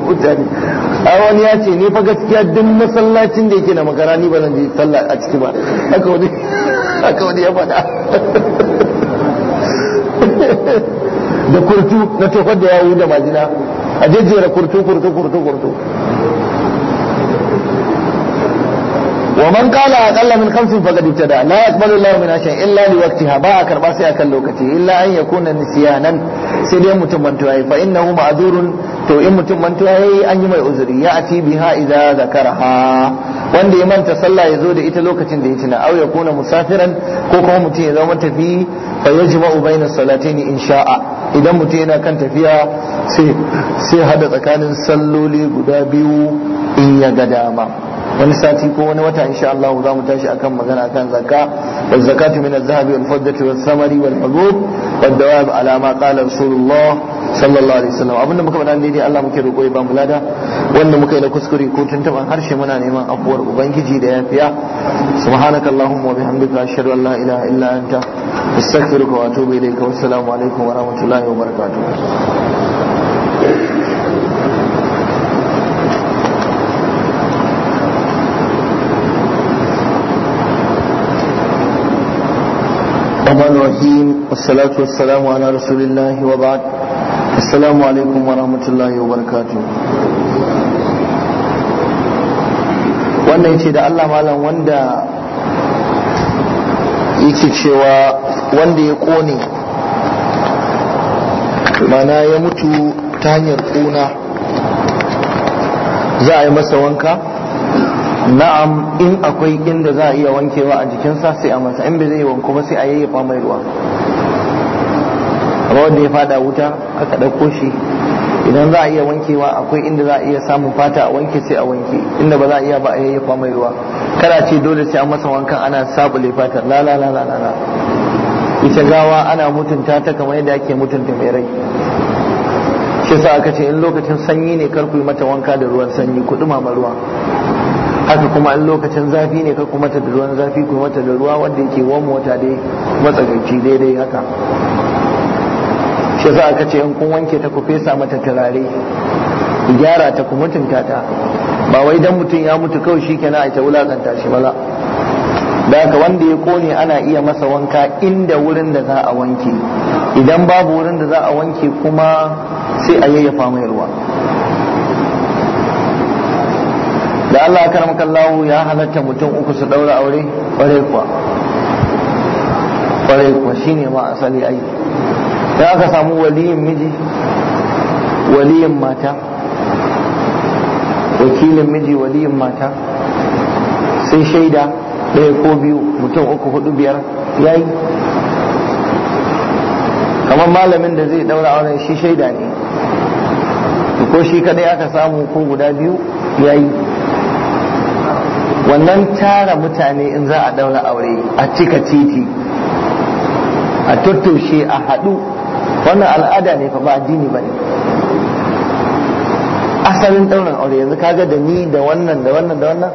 mutane a wani ya ce ne fa gaskiya duk masallacin da yake na makara ni ba zan je sallah a ciki ba haka wani haka wani ya faɗa da kurtu na tofar da yawu da majina a jejjera kurtu kurtu kurtu kurtu wa man qala aqalla min khamsin faqad ibtada la yaqbalu Allahu min ashay illa li waqtiha ba a karba sai akan lokaci illa an yakuna nisyanan sai dai mutum mantuwa yayi fa innahu ma'durun to in mutum mantuwa yayi an yi mai uzuri ya ati biha idza zakaraha wanda ya manta sallah ya zo da ita lokacin da ya tuna au kuna musafiran ko kuma mutum ya zama tafi fa yajma'u bayna salatain in sha'a idan mutum yana kan tafiya sai sai hada tsakanin salloli guda biyu in ya ga dama wani sati ko wani wata insha Allah za mu tashi akan magana akan zakka wal zakatu min az-zahabi wal fiddati was samari wal hubub wad dawab ala ma qala rasulullah sallallahu alaihi wasallam abinda muka faɗa daidai Allah muke roƙo ya ba mu lada wanda muka yi na kuskure ko tuntuban harshe muna neman afuwar ubangiji da yafiya subhanakallahumma wa bihamdika ashhadu an la ilaha illa anta astaghfiruka wa atubu ilayka wassalamu alaikum wa rahmatullahi wa barakatuh الرحمن الرحيم والصلاة والسلام على رسول الله وبعد السلام عليكم ورحمة الله وبركاته wanda ya ce da Allah malam cewa wanda ya kone mana ya mutu ta hanyar kuna za a yi masa wanka na'am in akwai inda za a iya wankewa a jikinsa sai a masa in bai zai wanko ba sai a yayyafa mai ruwa amma wanda ya fada wuta aka ɗauko shi idan za a iya wankewa akwai inda za a iya samun fata a wanke sai a wanke inda ba za a iya ba a yayyafa mai ruwa kada ce dole sai a masa wankan ana sabule fata la la la la la ita gawa ana mutunta ta kamar yadda ake mutunta mai rai shi sa aka ce in lokacin sanyi ne kar ku yi mata wanka da ruwan sanyi ku dumama ruwa haka kuma in lokacin zafi ne ka kuma ta da ruwan zafi kuma ta da ruwa wanda yake wa mota dai matsagaici daidai haka shi za aka ce in kun wanke ta ku fesa mata turare gyara ta ku mutunta ta ba wai dan mutum ya mutu kawai shi kenan a ta wulakanta shi bala da haka wanda ya kone ana iya masa wanka inda wurin da za a wanke idan babu wurin da za a wanke kuma sai a yayyafa mai ruwa da Allah karamka Allah ya halatta mutum uku su daura aure kware kuwa kware kuwa shine ma asali ai da aka samu waliyin miji waliyin mata wakilin miji waliyin mata sai shaida ɗaya ko biyu mutum uku hudu biyar yayi kamar malamin da zai daura auren shi shaida ne ko shi kadai aka samu ko guda biyu yayi wannan tara mutane in za a daura aure a cika titi a tattaushe a haɗu wannan al'ada ne fa ba addini ba ne asalin ɗaurin aure yanzu kaga da ni da wannan da wannan da wannan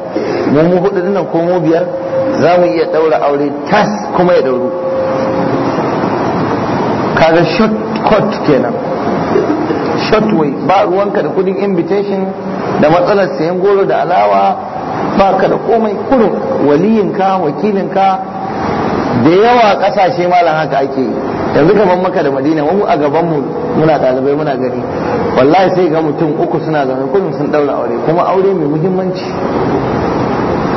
mu mu hudu dinnan ko mu biyar za mu iya ɗaura aure tas kuma ya ɗauru kaga short cut kenan short way ba ruwanka da kudin invitation da matsalar sayan goro da alawa ba ka da komai kurin waliyinka wakilinka da yawa kasashe malam haka ake yi yanzu gaban maka da madina wani a gabanmu mu muna ɗalibai muna gani wallahi sai ga mutum uku suna zaune kullum sun ɗaura aure kuma aure mai muhimmanci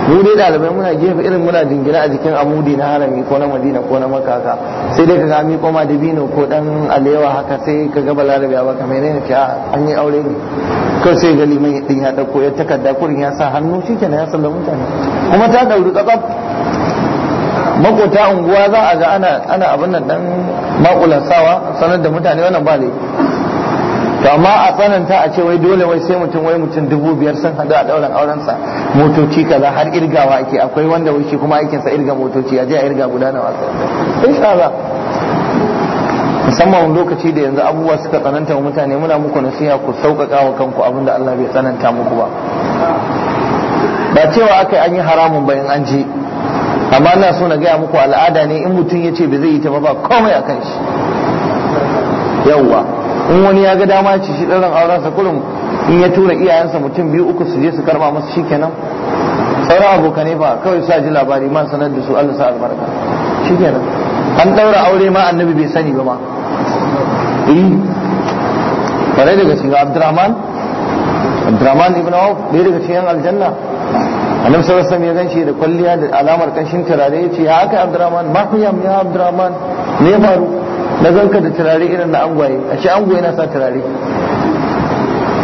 mu dai dalibai muna gefe irin muna dingina a jikin amudi na harami ko na madina ko na makaka sai dai kaga mi koma bino ko dan alewa haka sai ka kaga balarabe ya baka ne ce ah, an yi aure ne ko sai ga liman din ya dauko ya takarda kurin ya sa hannu shi kenan ya sallama mutane kuma ta dauri kakaf makota unguwa za a ga ana abin nan dan makulasawa sanar da mutane wannan ba laifi to amma a tsananta a ce wai dole wai sai mutum wai mutum dubu biyar sun hadu a daular aurensa motoci kaza har irgawa ake akwai wanda wai shi kuma aikinsa irga motoci a je a irga guda nawa insha Allah musamman lokaci da yanzu abubuwa suka tsananta wa mutane muna muku nasiha ku sauƙaƙa wa kanku abin da Allah bai tsananta muku ba ba cewa aka an yi haramun bayan an je amma ina so na gaya muku al'ada ne in mutum ya ce ba zai yi ta ba ba komai a kan shi yawwa in wani ya ga dama ci shi ɗarin auren sa kullum in ya tura iyayensa mutum biyu uku su je su karba musu shikenan sauran ne ba kawai sa ji labari man sanar da su Allah sa albarka shikenan an ɗaura aure ma annabi bai sani ba ma eh bare daga cikin Abdurrahman Abdurrahman ibn awf bai daga cikin aljanna annabi sallallahu alaihi wasallam ya ganshi da kwalliya da alamar kanshin turare ya ce aka Abdurrahman ma ya Abdurrahman ne faru na zanka da turare irin na angwaye a ce angwaye na sa turare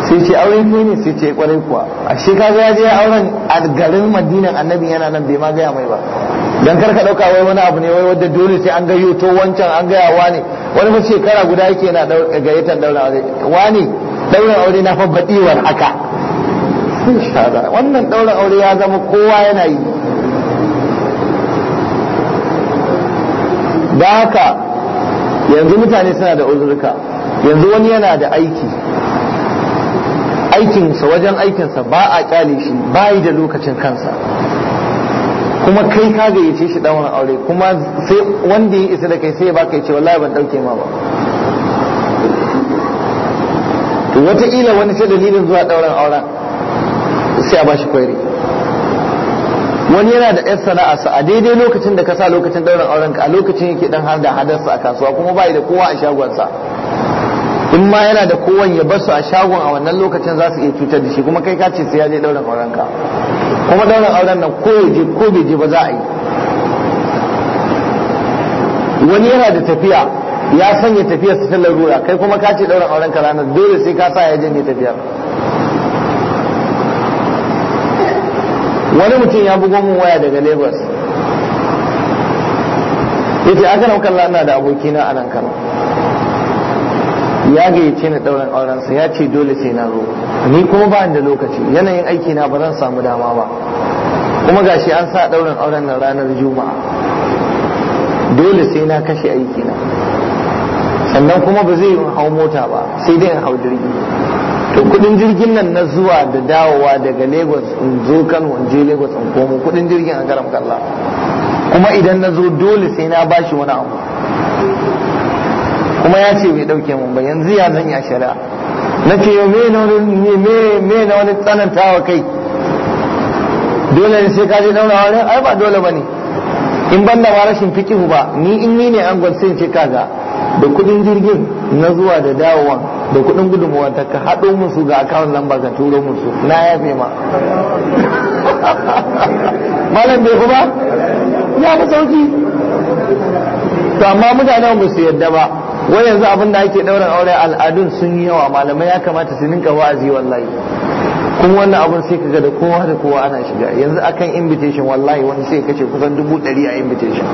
sai ce aure kai ne sai ce kwarai kuwa a shi ka ya je auren a garin madinan annabi yana nan bai ma gaya mai ba dan karka dauka wai wani abu ne wai wanda dole sai an gayyo to wancan an gaya ne wani ba shekara guda yake na ga gayyatar daura aure wani daura aure na fa badiwar haka wannan daura aure ya zama kowa yana yi da haka yanzu mutane suna da uzurka yanzu wani yana da aiki aikinsa wajen aikinsa ba a kyale shi bayi da lokacin kansa kuma kai ka gayyace shi ɗaurin aure kuma sai wanda ya isa da kai sai ya baka yace wallahi ban ɗauke ma ba to wataƙila wani sai dalilin zuwa ɗaurin auren sai a ba shi kwairi wani yana da yan su a daidai lokacin da ka sa lokacin ɗaurin auren ka a lokacin yake dan har da hadarsa a kasuwa kuma bai da kowa a shagonsa in ma yana da kowan ya basu a shagon a wannan lokacin za su iya cutar da shi kuma kai ka ce sai ya je ɗaurin auren ka kuma ɗaurin auren nan ko ya je ko bai je ba za a yi wani yana da tafiya ya sanya tafiyar ta larura kai kuma ka ce ɗaurin auren ka ranar dole sai ka sa ya janye tafiyar wani mutum ya bugo mun waya daga lagos ya ce aka naukan lana da abokina na anan kano ya gayyace na ɗaurin aurensa ya ce dole sai na zo ni kuma ba da lokaci yanayin aiki na ba zan samu dama ba kuma gashi an sa ɗaurin auren nan ranar juma'a dole sai na kashe aiki na sannan kuma ba zai hau mota ba sai dai in hau jirgi to kudin jirgin nan na zuwa da dawowa daga lagos in zo kano in je lagos in komo kudin jirgin a garam kalla kuma idan na zo dole sai na bashi wani abu kuma ya ce bai dauke mun ba yanzu ya zan ya shari'a na ce yau me na wani tsanantawa kai dole ne sai ka je daura wani ai ba dole ba ne in ban da ma rashin fikihu ba ni in ni ne angon sai ce kaga da kudin jirgin na zuwa da dawowa da kudin gudunmuwa ta ka haɗo musu ga akawun lamba ka turo musu na yafe ma malam bai kuma ba ya fi sauki to amma mutanen ba su yadda ba wai yanzu abin da ake ɗaurin aure al'adun sun yi yawa malamai ya kamata su ninka wa'azi wallahi kuma wannan abin sai ka da kowa da kowa ana shiga yanzu akan invitation wallahi wani sai ka ce kusan dubu ɗari a invitation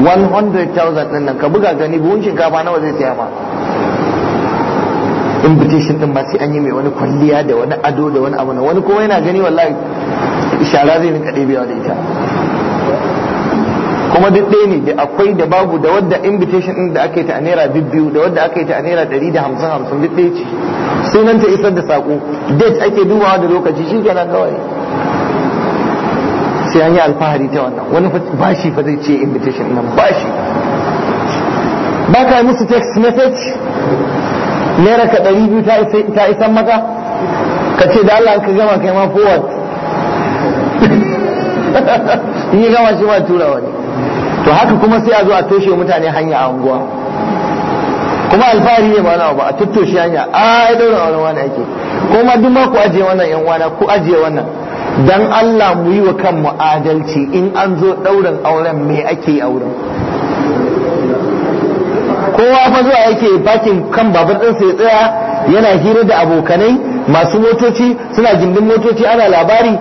100,000 ɗin nan ka buga gani buhun shinkafa nawa zai siya ma invitation din ba sai an yi mai wani kwalliya da wani ado da wani abu na wani kuma yana gani wallahi shara zai rinka ɗebewa da ita kuma duk ɗaya ne da akwai da babu da wadda invitation ɗin da aka yi ta a naira biyu da wadda aka yi ta a naira ɗari da hamsin hamsin duk ɗaya ce sunan ta isar da saƙo date ake dubawa da lokaci shi kenan kawai sai an yi alfahari ta wannan wani bashi fa zai ce invitation nan bashi ba ka yi musu text message naira ka ɗari biyu ta isan maka ka ce da Allah ka gama kai ma forward in yi gama shi ma tura ne. to haka kuma sai a zo a toshe mutane hanya a unguwa kuma alfahari ne ba ba a tattoshe hanya a ya daura wani wani ake kuma duk ma ajiye wannan yan wana ku ajiye wannan dan Allah mu yi wa kanmu adalci in an zo daurin auren me ake auren kowa fa zuwa yake bakin kan babar ɗinsa ya tsaya yana hira da abokanai masu motoci suna gindin motoci ana labari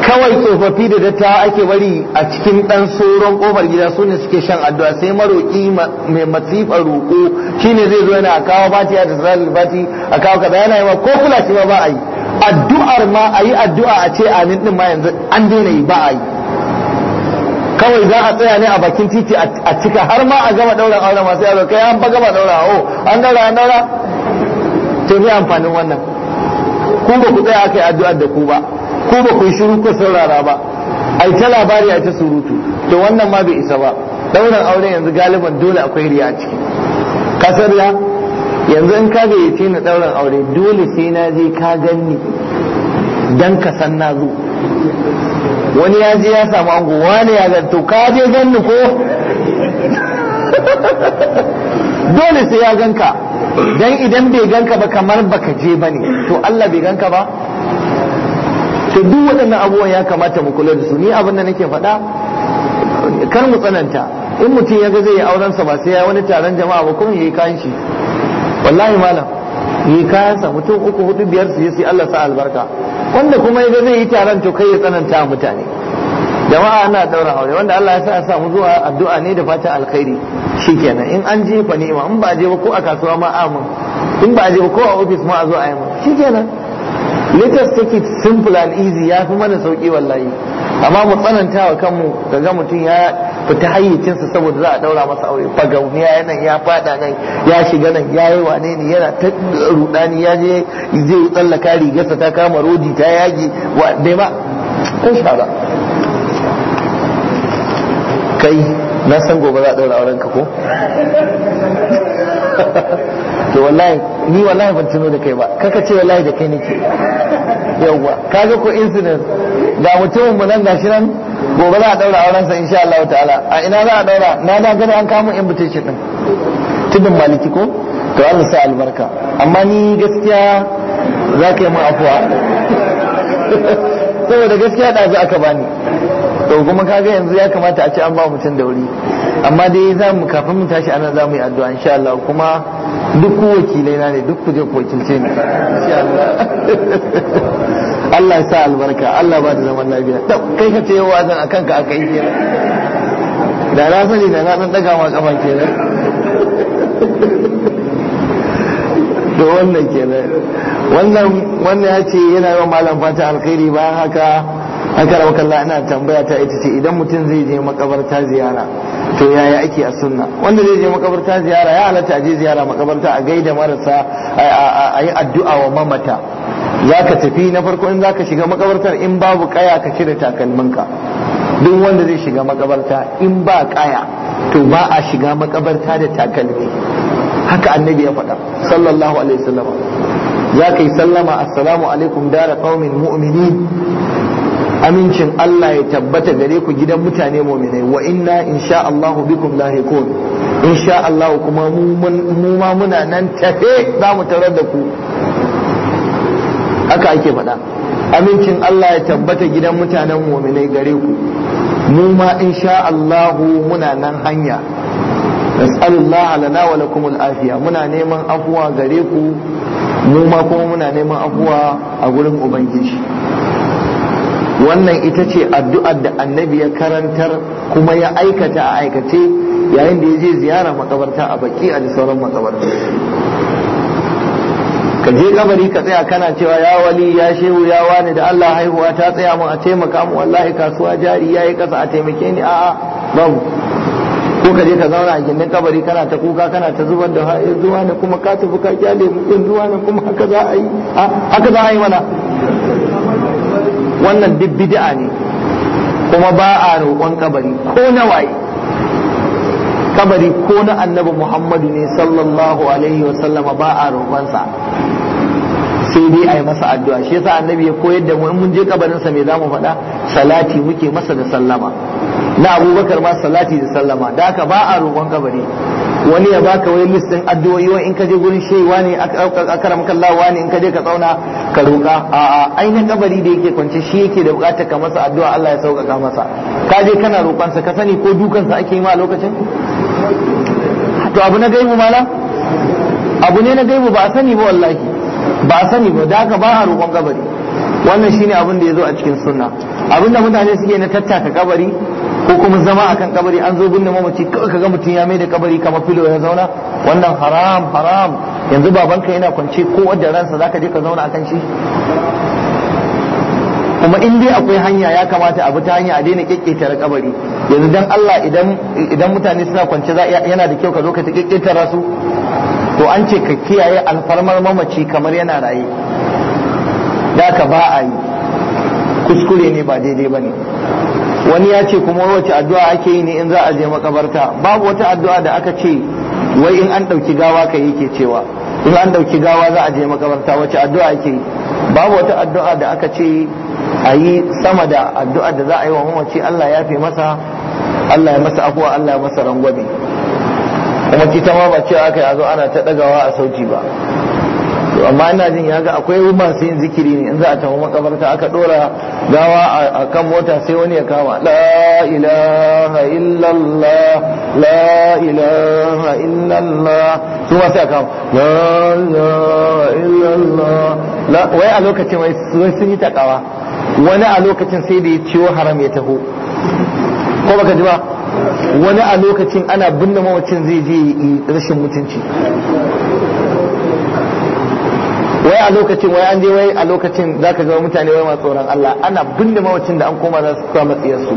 kawai tsofaffi da dattawa ake bari a cikin ɗan tsoron ƙofar gida su ne suke shan addu'a sai maroƙi mai matsifar roƙo shine zai zo yana a kawo fati da salal fati a kawo kaza yana ma ko kula ce ma ba a yi addu'ar ma a yi addu'a a ce amin din ma yanzu an daina yi ba a yi kawai za a tsaya ne a bakin titi a cika har ma a gama ɗaurin aure masu yaro kai an ba gama daura o oh, an daura an daura to ne amfanin wannan ku ba ku tsaya aka yi addu'ar da ku ba ko ba ku yi shiru ko saurara ba ai ta labari a ta surutu to wannan ma bai isa ba dauran auren yanzu galiban dole akwai riya a ciki kasar ya yanzu in ka gayyace ni dauran aure dole sai na je ka ganni dan ka san na zo wani ya je ya samu ango wani ya ga to ka je ganni ko dole sai ya ganka dan idan bai ganka ba kamar baka je bane to Allah bai ganka ba to duk waɗannan abubuwan ya kamata mu kula da su ni abin da nake faɗa kar mu tsananta in mutum ya ga zai yi auren sa ba sai ya wani taron jama'a ba kuma yayi kayan shi wallahi malam yi kayan sa mutum uku hudu biyar su yi sai Allah sa albarka wanda kuma ya ga zai yi taron to kai ya tsananta mutane jama'a ana daura aure wanda Allah ya sa a samu zuwa addu'a ne da fatan alkhairi shikenan in an je fa ni'ima in ba a je ba ko a kasuwa ma amin in ba a je ba ko a ofis ma a zo a yi shikenan latest take it simple and easy ya fi mana sauki wallahi amma mu tsananta wa kanmu ga mutum ya fita hayyacinsa saboda za a daura masa aure fagauniya yanayi ya fada nan ya shiga nan ya yi wane ne yana ta rudani ya je zai tsallaka rigarsa ta kama rodi ta yage wa dai ba kai na san gobe za a daura aurenka ko to wallahi ni wallahi ban tuno da kai ba kaka ce wallahi da kai nake yawwa kaga ko incident ga mutumin mu nan gashi nan gobe za a daura auren sa insha Allah ta'ala a ina za a daura na da gani an kawo invitation din tudun maliki ko to Allah sa albarka amma ni gaskiya za ka yi mu afuwa saboda gaskiya ɗazu aka bani to kuma kaga yanzu ya kamata a ce an ba mutum da wuri amma dai za mu kafin mu tashi anan za mu yi addu'a insha Allah kuma duk ku wakilai na ne duk ku je ku wakilce ni insha Allah Allah ya sa albarka Allah ba da zaman lafiya kai ka ce wa zan akan ka aka yi kenan da na sani da na dan daga ma kafa kenan da wannan kenan wannan wannan ya ce yana yawan malam fata alkhairi bayan haka haka maka ina tambaya ta ita ce idan mutum zai je makabarta ziyara to yaya ake a sunna wanda zai je makabarta ziyara ya halatta a je ziyara makabarta a gaida marasa a yi addu'a wa mamata za ka tafi na farko in za ka shiga makabartar in babu kaya ka cire takalminka duk wanda zai shiga makabarta in ba kaya to ba a shiga makabarta da takalmi haka annabi ya faɗa sallallahu alaihi wasallam za ka sallama assalamu alaikum dara qaumin mu'minin amincin Allah ya tabbata gare ku gidan mutane mu'minai wa inna sha Allahu bikum lahiqun sha Allah kuma mu ma muna nan tafe za mu tarar da ku haka ake faɗa amincin Allah ya tabbata gidan mutanen mu'minai gare ku mu ma sha Allah muna nan hanya nas'alullah lana wa lakum al'afiya muna neman afuwa gare ku mu ma kuma muna neman afuwa a gurin ubangiji wannan ita ce addu'ar da annabi ya karantar kuma ya aikata a aikace yayin da ya je ziyara makabarta a baki a sauran makabarta ka je kabari ka tsaya kana cewa ya wali ya shehu ya wani da Allah haihuwa ta tsaya mu a taimaka mu wallahi kasuwa jari yayi kasa a taimake ni a'a babu ko ka je ka zauna a gindin kabari kana ta kuka kana ta zubar da ha'i zuwa ne kuma ka tafi ka kyale mu din zuwa ne kuma haka za a yi haka za a yi mana wannan duk bid'a ne kuma ba a roƙon kabari ko na waye kabari ko na annabi muhammadu ne sallallahu alaihi sallama ba a roƙonsa sai dai a yi masa addu'a shi yasa annabi ya koyar da mu in mun je kabarinsa me za mu faɗa salati muke masa da sallama na abubakar ma salati da sallama da haka ba a roƙon kabari wani ya baka wai listin addu'o'i wa in ka je gurin wani a karam kallawa wani in ka je ka tsauna ka roƙa a ainihin kabari da yake kwance shi yake da buƙatar ka masa addu'a Allah ya sauƙaƙa masa ka je kana roƙonsa ka sani ko sa ake yi ma a lokacin to abu na gaibu mala abu ne na gaibu ba a sani ba wallahi ba a sani ba da haka ba a roƙon kabari wannan shine abin da ya zo a cikin sunna abinda da mutane suke na tattaka kabari ko kuma zama akan kabari an zo binne mamaci kawai kaga mutum ya mai da kabari kamar filo ya zauna wannan haram haram yanzu babanka yana kwance ko wadda ransa zaka je ka zauna akan shi kuma in dai akwai hanya ya kamata a bi ta hanya a daina kekketare kabari yanzu dan Allah idan mutane suna kwance yana da kyau ka zo ka ta kekketara su to an ce ka kiyaye alfarmar mamaci kamar yana raye da ka ba a yi kuskure ne ba daidai ba ne wani ya ce kuma wace addu'a ake yi ne in za a je makabarta babu wata addu'a da aka ce wai in an ɗauki gawa ka yi ke cewa in an ɗauki gawa za a je makabarta wace addu'a ake yi babu wata addu'a da aka ce a yi sama da addu'a da za a yi wa mamaci Allah ya fi masa Allah ya masa afuwa Allah ya masa rangwame kuma ci ta ma ba cewa aka yi a zo ana ta ɗagawa a sauti ba to amma ina jin ya ga akwai masu yin zikiri ne in za a tafi makabarta aka dora gawa a kan mota sai wani ya kama la ilaha illallah la ilaha illallah su ma sai a kama la ilaha illallah wai a lokacin wai sun yi takawa wani a lokacin sai da ya ciwo haram ya taho ko baka ji ba wani a lokacin ana binne mawacin zai je rashin mutunci wai a lokacin wai an je wai a lokacin za ka ga mutane wai masu tsoron Allah ana binne mawacin da an koma za su kama su.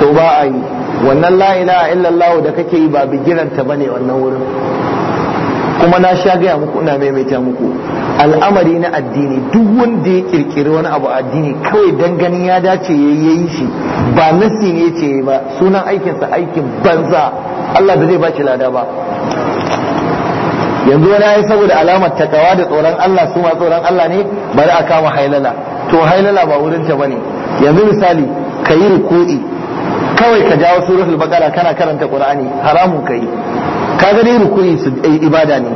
to ba a yi wannan la ilaha da kake yi ba bigiranta bane wannan wurin kuma na sha gaya muku ina maimaita muku al'amari na addini duk wanda ya kirkiri wani abu addini kawai dangane ya dace ya yi shi ba nasi ne ce ba sunan aikinsa aikin banza Allah ba zai ba shi lada ba yanzu wani saboda alamar takawa da tsoron Allah su ma tsoron Allah ne bari a kama hailala to hailala ba wurin ta bane yanzu misali ka yi ruku'i kawai ka jawo suratul baqara kana karanta qur'ani haramun kai ka ga dai ruku'i eh, ibada ne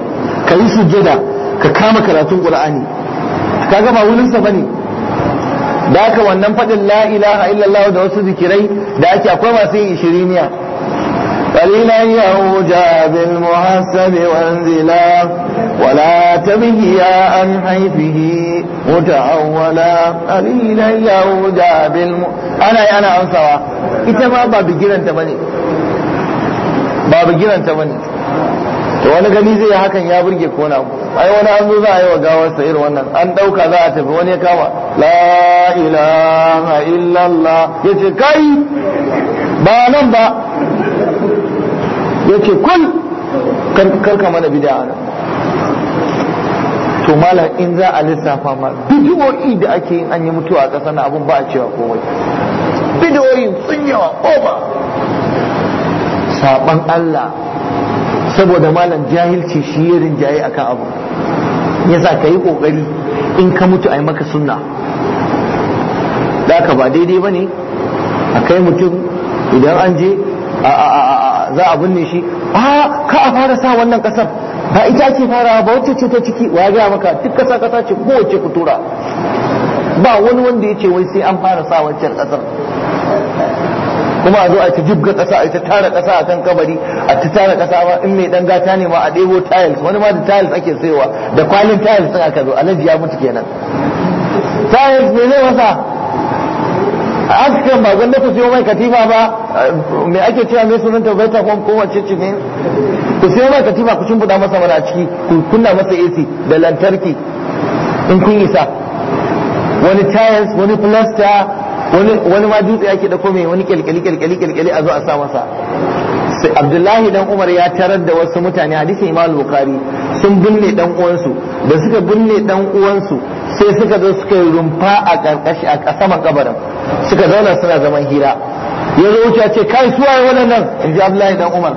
ka yi sujjada ka kama karatun qur'ani ka ga ba wurin sa bane da haka wannan fadin la ilaha illallah da wasu zikirai da ake akwai masu yin ishiriniya فلمن يوجى بالمحسب وانزلا ولا تبهيا عن حيفه متعولا قليلا يوجى بالم أنا أنا أنسوا إتما باب جيران تبني باب جيران تبني to wani gani zai yi hakan ya burge kona ai wani an zo za a yi wa gawar sayar wannan an dauka za a tafi wani ya kama la ilaha illallah ya ce kai ba nan ba ya ce kul karka mana bid'a to malam in za a lissafa ma bidiyoyi da ake yin an yi mutuwa a ƙasa na abun ba a cewa komai bidiyoyin sun yawa oba saban Allah saboda malam jahilci shi ya rinjaye kan abu yasa ka yi ƙoƙari in ka mutu a yi maka sunna da ka ba daidai ba ne a kai mutum idan an je a za a binne shi a ka a fara sa wannan kasar ba ita ake farawa ba wacce ce ta ciki wa ga maka duk kasa kasa ce kowace kutura ba wani wanda ya ce wai sai an fara sa wancan kasar kuma a zo a ta jibga kasa a ta tara kasa a kan kabari a ta tara kasa ba in mai dan gata ne ma a ɗebo tiles wani ma da tiles ake sayowa da kwalin tiles din aka zo alaji ya mutu kenan tiles ne zai wasa A askan ba zan ku siyo mai katima ba me ake cewa mai sunan tabaita ko kowace cikin ku siyo mai katima ku shimfiɗa masa mana a ciki ku kunna masa AC da lantarki in kun isa wani tiles wani plaster wani ma dutse yake da kome wani kyalkyali kyalkyali kyalkyali a zo a sa masa sai abdullahi dan umar ya tarar da wasu mutane a hadisin imam bukari sun binne dan uwansu da suka binne dan uwansu sai suka zo suka yi rumfa a karkashi a saman kabarin suka zauna suna zaman hira ya zo wuce ce kai suwaye waɗannan in ji abdullahi dan umar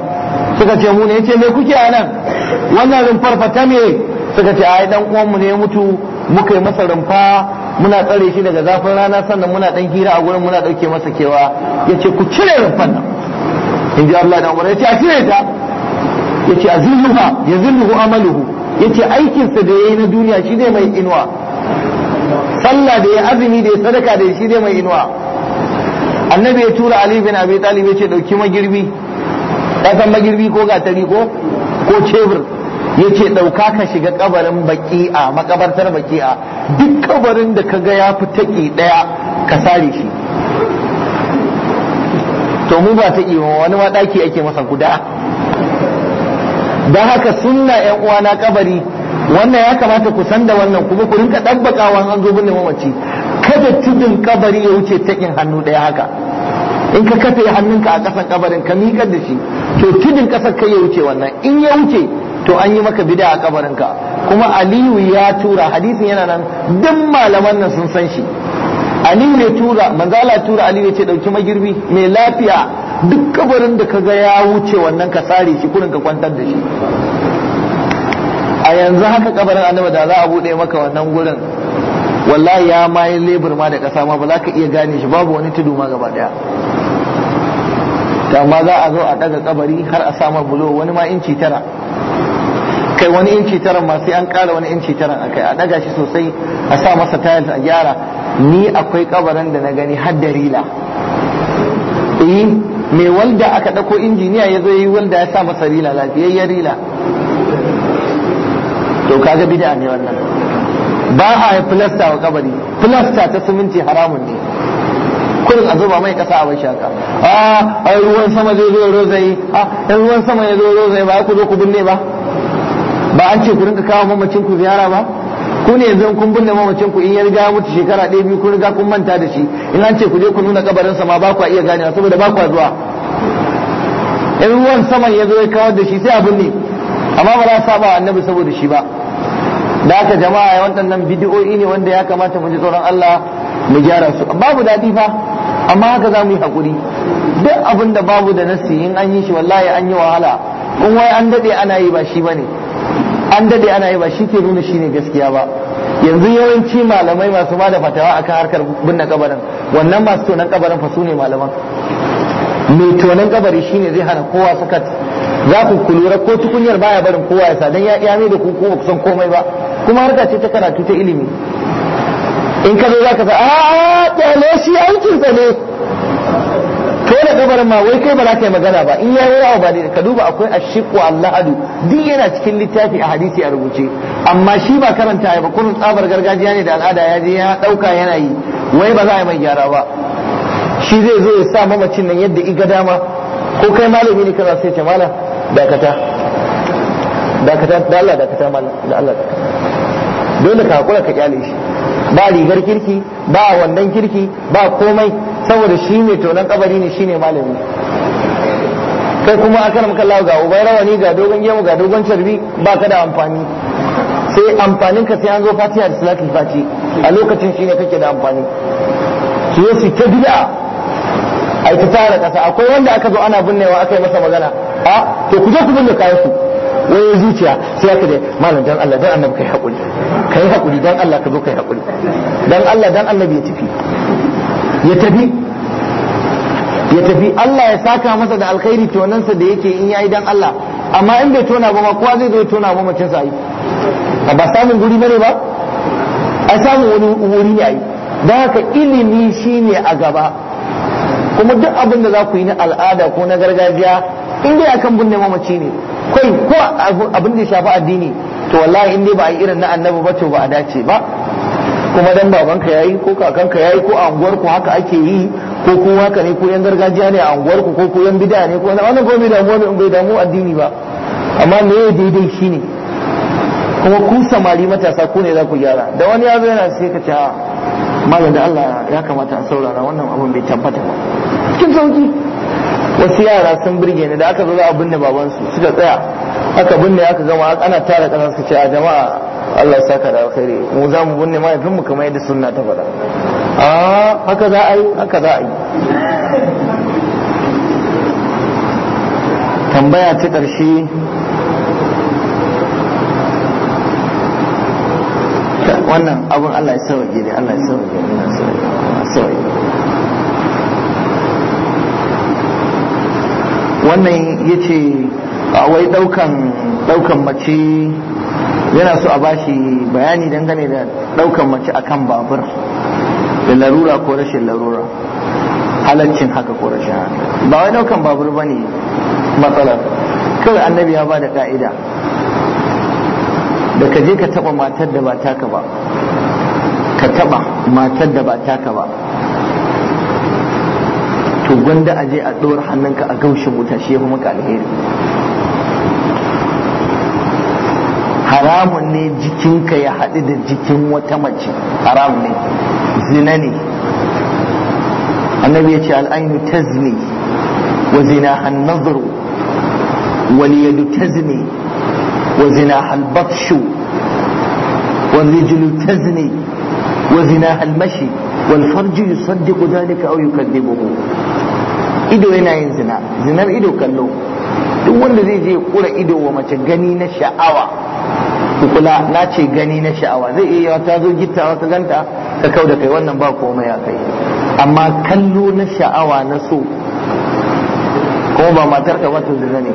suka ce mu ne ce me kuke a nan wannan rumfar fata me suka ce ai dan uwan mu ne mutu muka yi masa rumfa muna tsare shi daga zafin rana sannan muna dan hira a gurin muna dauke masa kewa yace ku cire rumfan nan in ji abdullahi dan umar yace a cire ta yace ya yazilluhu amaluhu yace aikinsa da ya yi na duniya shi ne mai inuwa Alla da ya azumi da ya sadaka da shi dai mai inuwa annabi ya tura ali bin abi talib ya ce dauki magirbi ka magirbi ko gatari ko ko cebur ya ce dauka ka shiga kabarin baki'a makabartar a duk kabarin da ka ya fi taƙi daya ka sare shi to mu ba ta iya wani ma ake masa guda don haka sunna yan uwa na kabari wannan ya kamata ku san da wannan kuma ku rinka dabbakawa an zo binne mamaci kada tudun kabari ya wuce takin hannu daya haka in ka kafe hannunka a kasan kabarin ka miƙar da shi to tudun kasar kai ya wuce wannan in ya wuce to an yi maka bida a kabarinka kuma aliyu ya tura hadisin yana nan duk malaman nan sun san shi aliyu ya tura manzala tura aliyu ya ce dauki magirbi mai lafiya duk kabarin da kaga ya wuce wannan ka sare shi kurin ka kwantar da shi a yanzu haka kabarin annabi da za a bude maka wannan gurin wallahi ya ma lebur ma da kasa ma ba za ka iya gane shi babu wani tudu ma gaba daya ma za a zo a daga kabari har a samar bulo wani ma inci tara kai wani inci tara ma sai an kara wani inci tara a kai a daga shi sosai a sa masa tiles a gyara ni akwai kabarin da na gani har da rila eh me walda aka dauko injiniya ya zo yi walda ya sa masa rila lafiyayyar rila to kaga bid'a ne wannan ba a plasta wa kabari plasta ta siminti haramun ne kurin a zuba mai kasa a bai shaka a ruwan sama zai zo rozai a ruwan sama ya zo rozai ba ku zo ku binne ba ba an ce ku rinka kawo mamacin ku ziyara ba ku ne yanzu kun binne mamacin ku in ya riga mutu shekara ɗaya biyu kun riga kun manta da shi in an ce ku je ku nuna kabarin sama ba ku iya ganewa saboda ba ku zuwa in ruwan sama ya zo ya kawar da shi sai a binne amma ba za saba annabi saboda shi ba da aka jama'a waɗannan bidiyo'i ne wanda ya kamata mu ji tsoron Allah mu gyara su babu daɗi fa amma haka za mu yi hakuri duk abin da babu da nasi in an yi shi wallahi an yi wahala in wai an daɗe ana yi ba shi bane an dade ana yi ba shi ke nuna shi ne gaskiya ba yanzu yawanci malamai masu ba da fatawa akan harkar binne kabarin wannan masu tonan kabarin fa su ne malaman mai tonan kabari shine zai hana kowa sakat za ku kulura ko tukunyar baya barin kowa ya sa dan ya iya da ku ko kusan komai ba kuma harka ce ta karatu ta ilimi in ka zo za ka sa a ah, kyale shi aikin sa ne kai da kabarin ma wai kai ba za ka yi magana ba in yayi rawa ba ne ka duba akwai ashiqu allahadu duk yana cikin littafi a hadisi a rubuce amma shi ba karanta ba kurin tsabar gargajiya ne da al'ada ya je ya dauka yana yi wai ba za a yi mai gyara ba shi zai zo ya sa mamacin nan yadda iga dama ko kai malami ne kaza sai ce malam dakata dakata da Allah dakata mal da Allah dole ka hakura ka kyale shi ba rigar kirki ba wannan kirki ba komai saboda shi ne tonan kabari ne shi ne malami kai kuma akan maka Allah ga ubai rawani ga dogon gemu ga dogon carbi ba ka da amfani sai amfanin ka sai an zo fatiha da salatul fati a lokacin shine kake da amfani su yi su ta bid'a ai ta tara kasa akwai wanda aka zo ana binnewa aka yi masa magana a to ku je ku binne kayan su wai zuciya sai aka dai malam dan Allah dan annabi kai hakuri kai hakuri dan Allah ka zo kai hakuri dan Allah dan annabi ya tafi ya tafi ya tafi Allah ya saka masa da alkhairi tonansa da yake in yayi dan Allah amma in bai tona ba ma kowa zai zo ya tona ba mutum sai ba samun guri bane ba a samun wani wuri ne ai dan haka ilimi shine a gaba kuma duk abin da za ku yi na al'ada ko na gargajiya in dai akan binne mamaci ne kai ko abin da ya shafi addini to wallahi in dai ba a yi irin na annabi ba to ba a dace ba kuma dan babanka yayi ko kakanka yayi ko a unguwar ku haka ake yi ko kun haka ne ko yan gargajiya ne a unguwar ku ko ko yan bid'a ne ko wannan ko bai damu wannan bai damu addini ba amma me ya daidai shine kuma ku samari matasa ku ne za ku gyara da wani ya zo yana sai ka ce ah, malam da Allah ya kamata a saurara wannan abun bai tabbata ba cikin sauki wasu yara sun birge ni da aka zo za a binne babansu suka tsaya aka binne aka gama ana tara kasa suka ce a jama'a Allah ya saka da alkhairi mu za mu binne ma mahaifin mu kamar yadda sunna ta faɗa ah haka za a yi haka za a yi tambaya ta ƙarshe wannan abun Allah ya sauke ne Allah ya sauke ne Allah ya sauke wannan ya ce wai daukan mace yana so a bashi bayani dangane da daukan mace akan babur da larura ko rashin larura halaccin haka ko rashin ba wai daukan babur ba ne matsalar kawai annabi ya ba da ka'ida da ka je ka taba matar da ba taka ba ka taba matar da ba taka ba to gwanda a je a ɗora hannunka a gaushin wuta shi ya fi maka alheri haramun ne jikinka ya haɗu da jikin wata mace haramun ne zina ne annabi ya ce al'ainu ta zini wa zina hannazaru waliyadu zini wa zina halbatshu wa rijilu zini wa zina halmashi والفرج يصدق ذلك أو يكذبه ido yana yin zina zinar ido kallo duk wanda zai je kura ido wa mace gani na sha'awa kula na ce gani na sha'awa zai iya ta zo gita wata ganta ka kau da kai wannan ba komai ya kai amma kallo na sha'awa na so kuma ba matar ka wata zina ne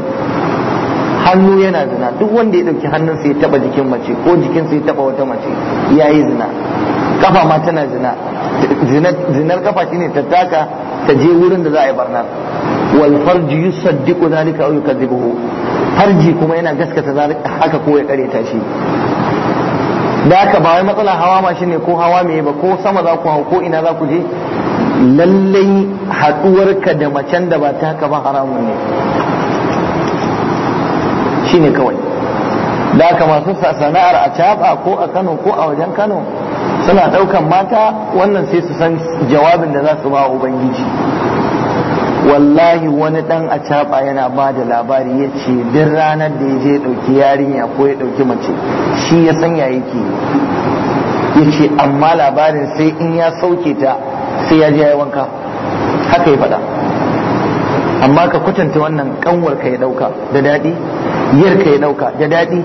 hannu yana zina duk wanda ya dauki hannunsa ya taba jikin mace ko jikinsa ya taba wata mace ya yi zina kafa ma tana zina zinar kafa shine ta taka ta je wurin da za a yi barnar wal farji yusaddiqu zalika aw yukadhibuhu farji kuma yana gaskata zalika haka ko ya kare ta shi da haka ba wai matsala hawa ma ne ko hawa me ba ko sama za ku hau ko ina za ku je lallai ka da macen da ba ta haka ba haramun ne shine kawai da haka masu sana'ar a caba ko a kano ko a wajen kano suna ɗaukan mata wannan sai su san jawabin da za su ba ubangiji wallahi wani ɗan a yana ba da labari ya ce duk ranar da ya je ɗauki yarinya ko ya ɗauki mace shi ya sanya yake ya ce amma labarin sai in ya sauke ta sai ya je ya wanka haka ya faɗa amma ka kwatanta wannan kanwar ka ya ɗauka. da daɗi yar ya ɗauka. da daɗi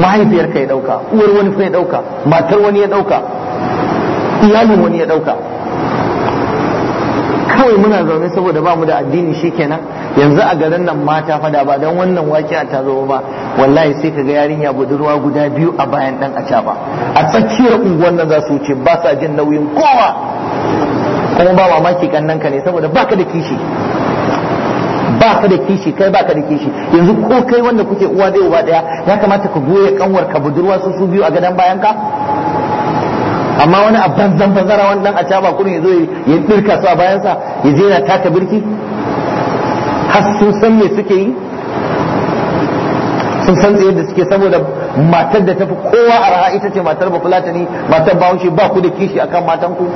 mahaifiyar ka ya ɗauka. uwar wani ya dauka matar wani ya ɗauka. iyalin wani ya ɗauka kawai muna zaune saboda ba mu da addini shikenan yanzu a garin nan mata fada ba don wannan wake a zo ba wallahi sai ka ga yarinya budurwa guda biyu a bayan dan ba a tsakiyar unguwar nan za su wuce ba sa jin nauyin kowa kuma ba mamaki kannan ka ne saboda baka da kishi baka da kishi kai baka da kishi yanzu ko kai wanda kuke uwa da uba daya ya kamata ka goye kanwar ka budurwa su su biyu a gadan bayan ka amma wani a banzan banzara wani dan a caba kurin ya zo ya dirka su a bayansa ya je yana taka birki har sun san me suke yi sun san yadda da suke saboda matar da tafi kowa a raha ita ce matar ba ne, matar bahaushe ba ku da kishi akan matan ku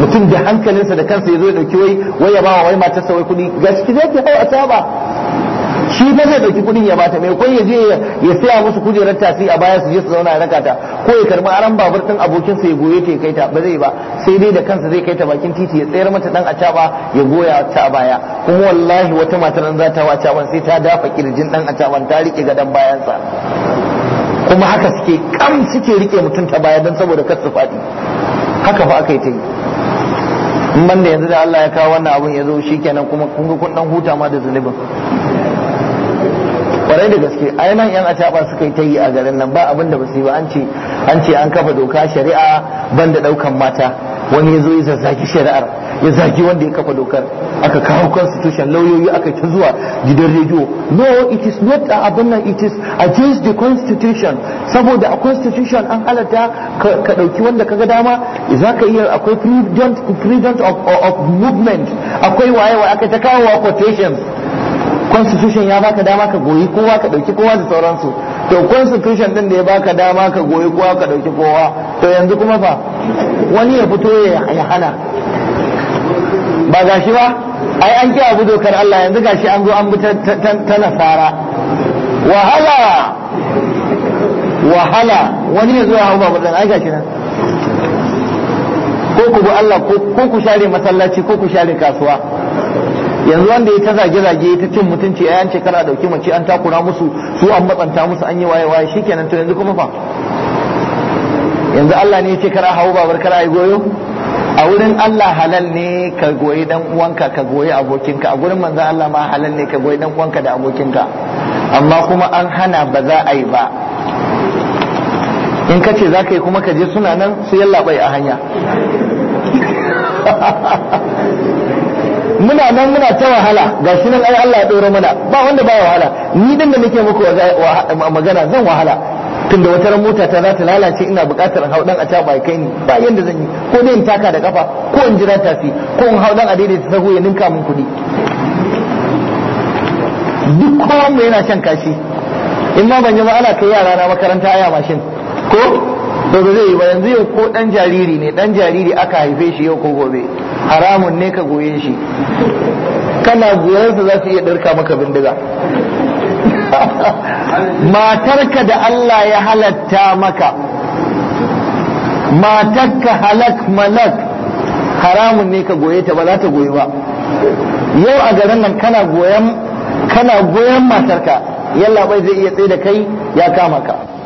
mutum da hankalinsa da kansa ya zo ya dauki wai wai ya bawa wai matarsa wai kudi gaskiya ki hau a caba shi fa zai dauki kudin ya bata mai kun ya je ya saya musu kujerar tasi a baya su je su zauna a raka ko ya karbi aran babur din abokin sa ya goye ta ya kai ta ba zai ba sai dai da kansa zai kai ta bakin titi ya tsayar mata dan caba ya goya ta baya kuma wallahi wata matar nan za ta wa caban sai ta dafa kirjin dan caban ta rike gadan sa, kuma haka suke kam suke rike mutum ta baya dan saboda kar su faɗi haka fa aka yi ta yi in banda yanzu da Allah ya kawo wannan abun ya zo shikenan kuma kun ga kun dan huta ma da zunubin kwarai da gaske ai yan acaba suka yi ta yi a garin nan ba abin da ba su yi ba an ce an kafa doka shari'a banda daukan mata wani ya zo ya zazzaki shari'ar ya zagi wanda ya kafa dokar aka kawo constitution lauyoyi aka ta zuwa gidan rediyo no it is not a abin it is against the constitution saboda a constitution an halatta ka dauki wanda kaga dama za ka iya akwai freedom of movement akwai waye waye aka ta kawo quotations constitution ya baka dama ka goyi kowa ka dauki kowa da sauransu to constitution din da ya baka dama ka goyi kowa ka dauki kowa to yanzu kuma fa wani ya fito ya hana ba gashi ba ai an ki abu dokar Allah yanzu gashi an zo an bi ta nasara wahala wahala wani ya zo ya hau babu ai gashi nan ko ku bi Allah ko ku share masallaci ko ku share kasuwa yanzu wanda ya ta zage-zage ta cin mutunci a yance kara dauki mace an takura musu su an matsanta musu an yi waye-waye shikenan to yanzu kuma fa yanzu Allah ne ya ce kara hau babar kara yi goyo a wurin Allah halal ne ka goyi dan uwanka ka goyi abokinka a gurin manzon Allah ma halal ne ka goyi dan uwanka da abokinka amma kuma an hana ba za a yi ba in ka ce za ka yi kuma ka je suna nan su yallaɓai a hanya muna nan muna ta wahala ga shi nan ai Allah ya ɗora mana ba wanda ba wahala ni din da nake muku magana zan wahala tunda wata ran mota ta za ta lalace ina buƙatar hau dan a ta bai kai ni ba yanda zan yi ko dai in taka da kafa ko in jira tafi ko in hau dan a ta sahu ya ninka min kuɗi duk kowan mu yana shan kashi in ma ban yi ba ana kai yara na makaranta aya mashin ko to ba zai yi ba yanzu yau ko dan jariri ne dan jariri aka haife shi yau ko gobe haramun ne ka goye shi kana goyarsa za su iya ɗarka maka bindiga matarka da Allah ya halatta maka matarka halak malak haramun ne ka goye ta ba za ta goyi ba yau a garin nan kana goyon kana goyon matarka yalla bai zai iya tsaye da kai ya kama ka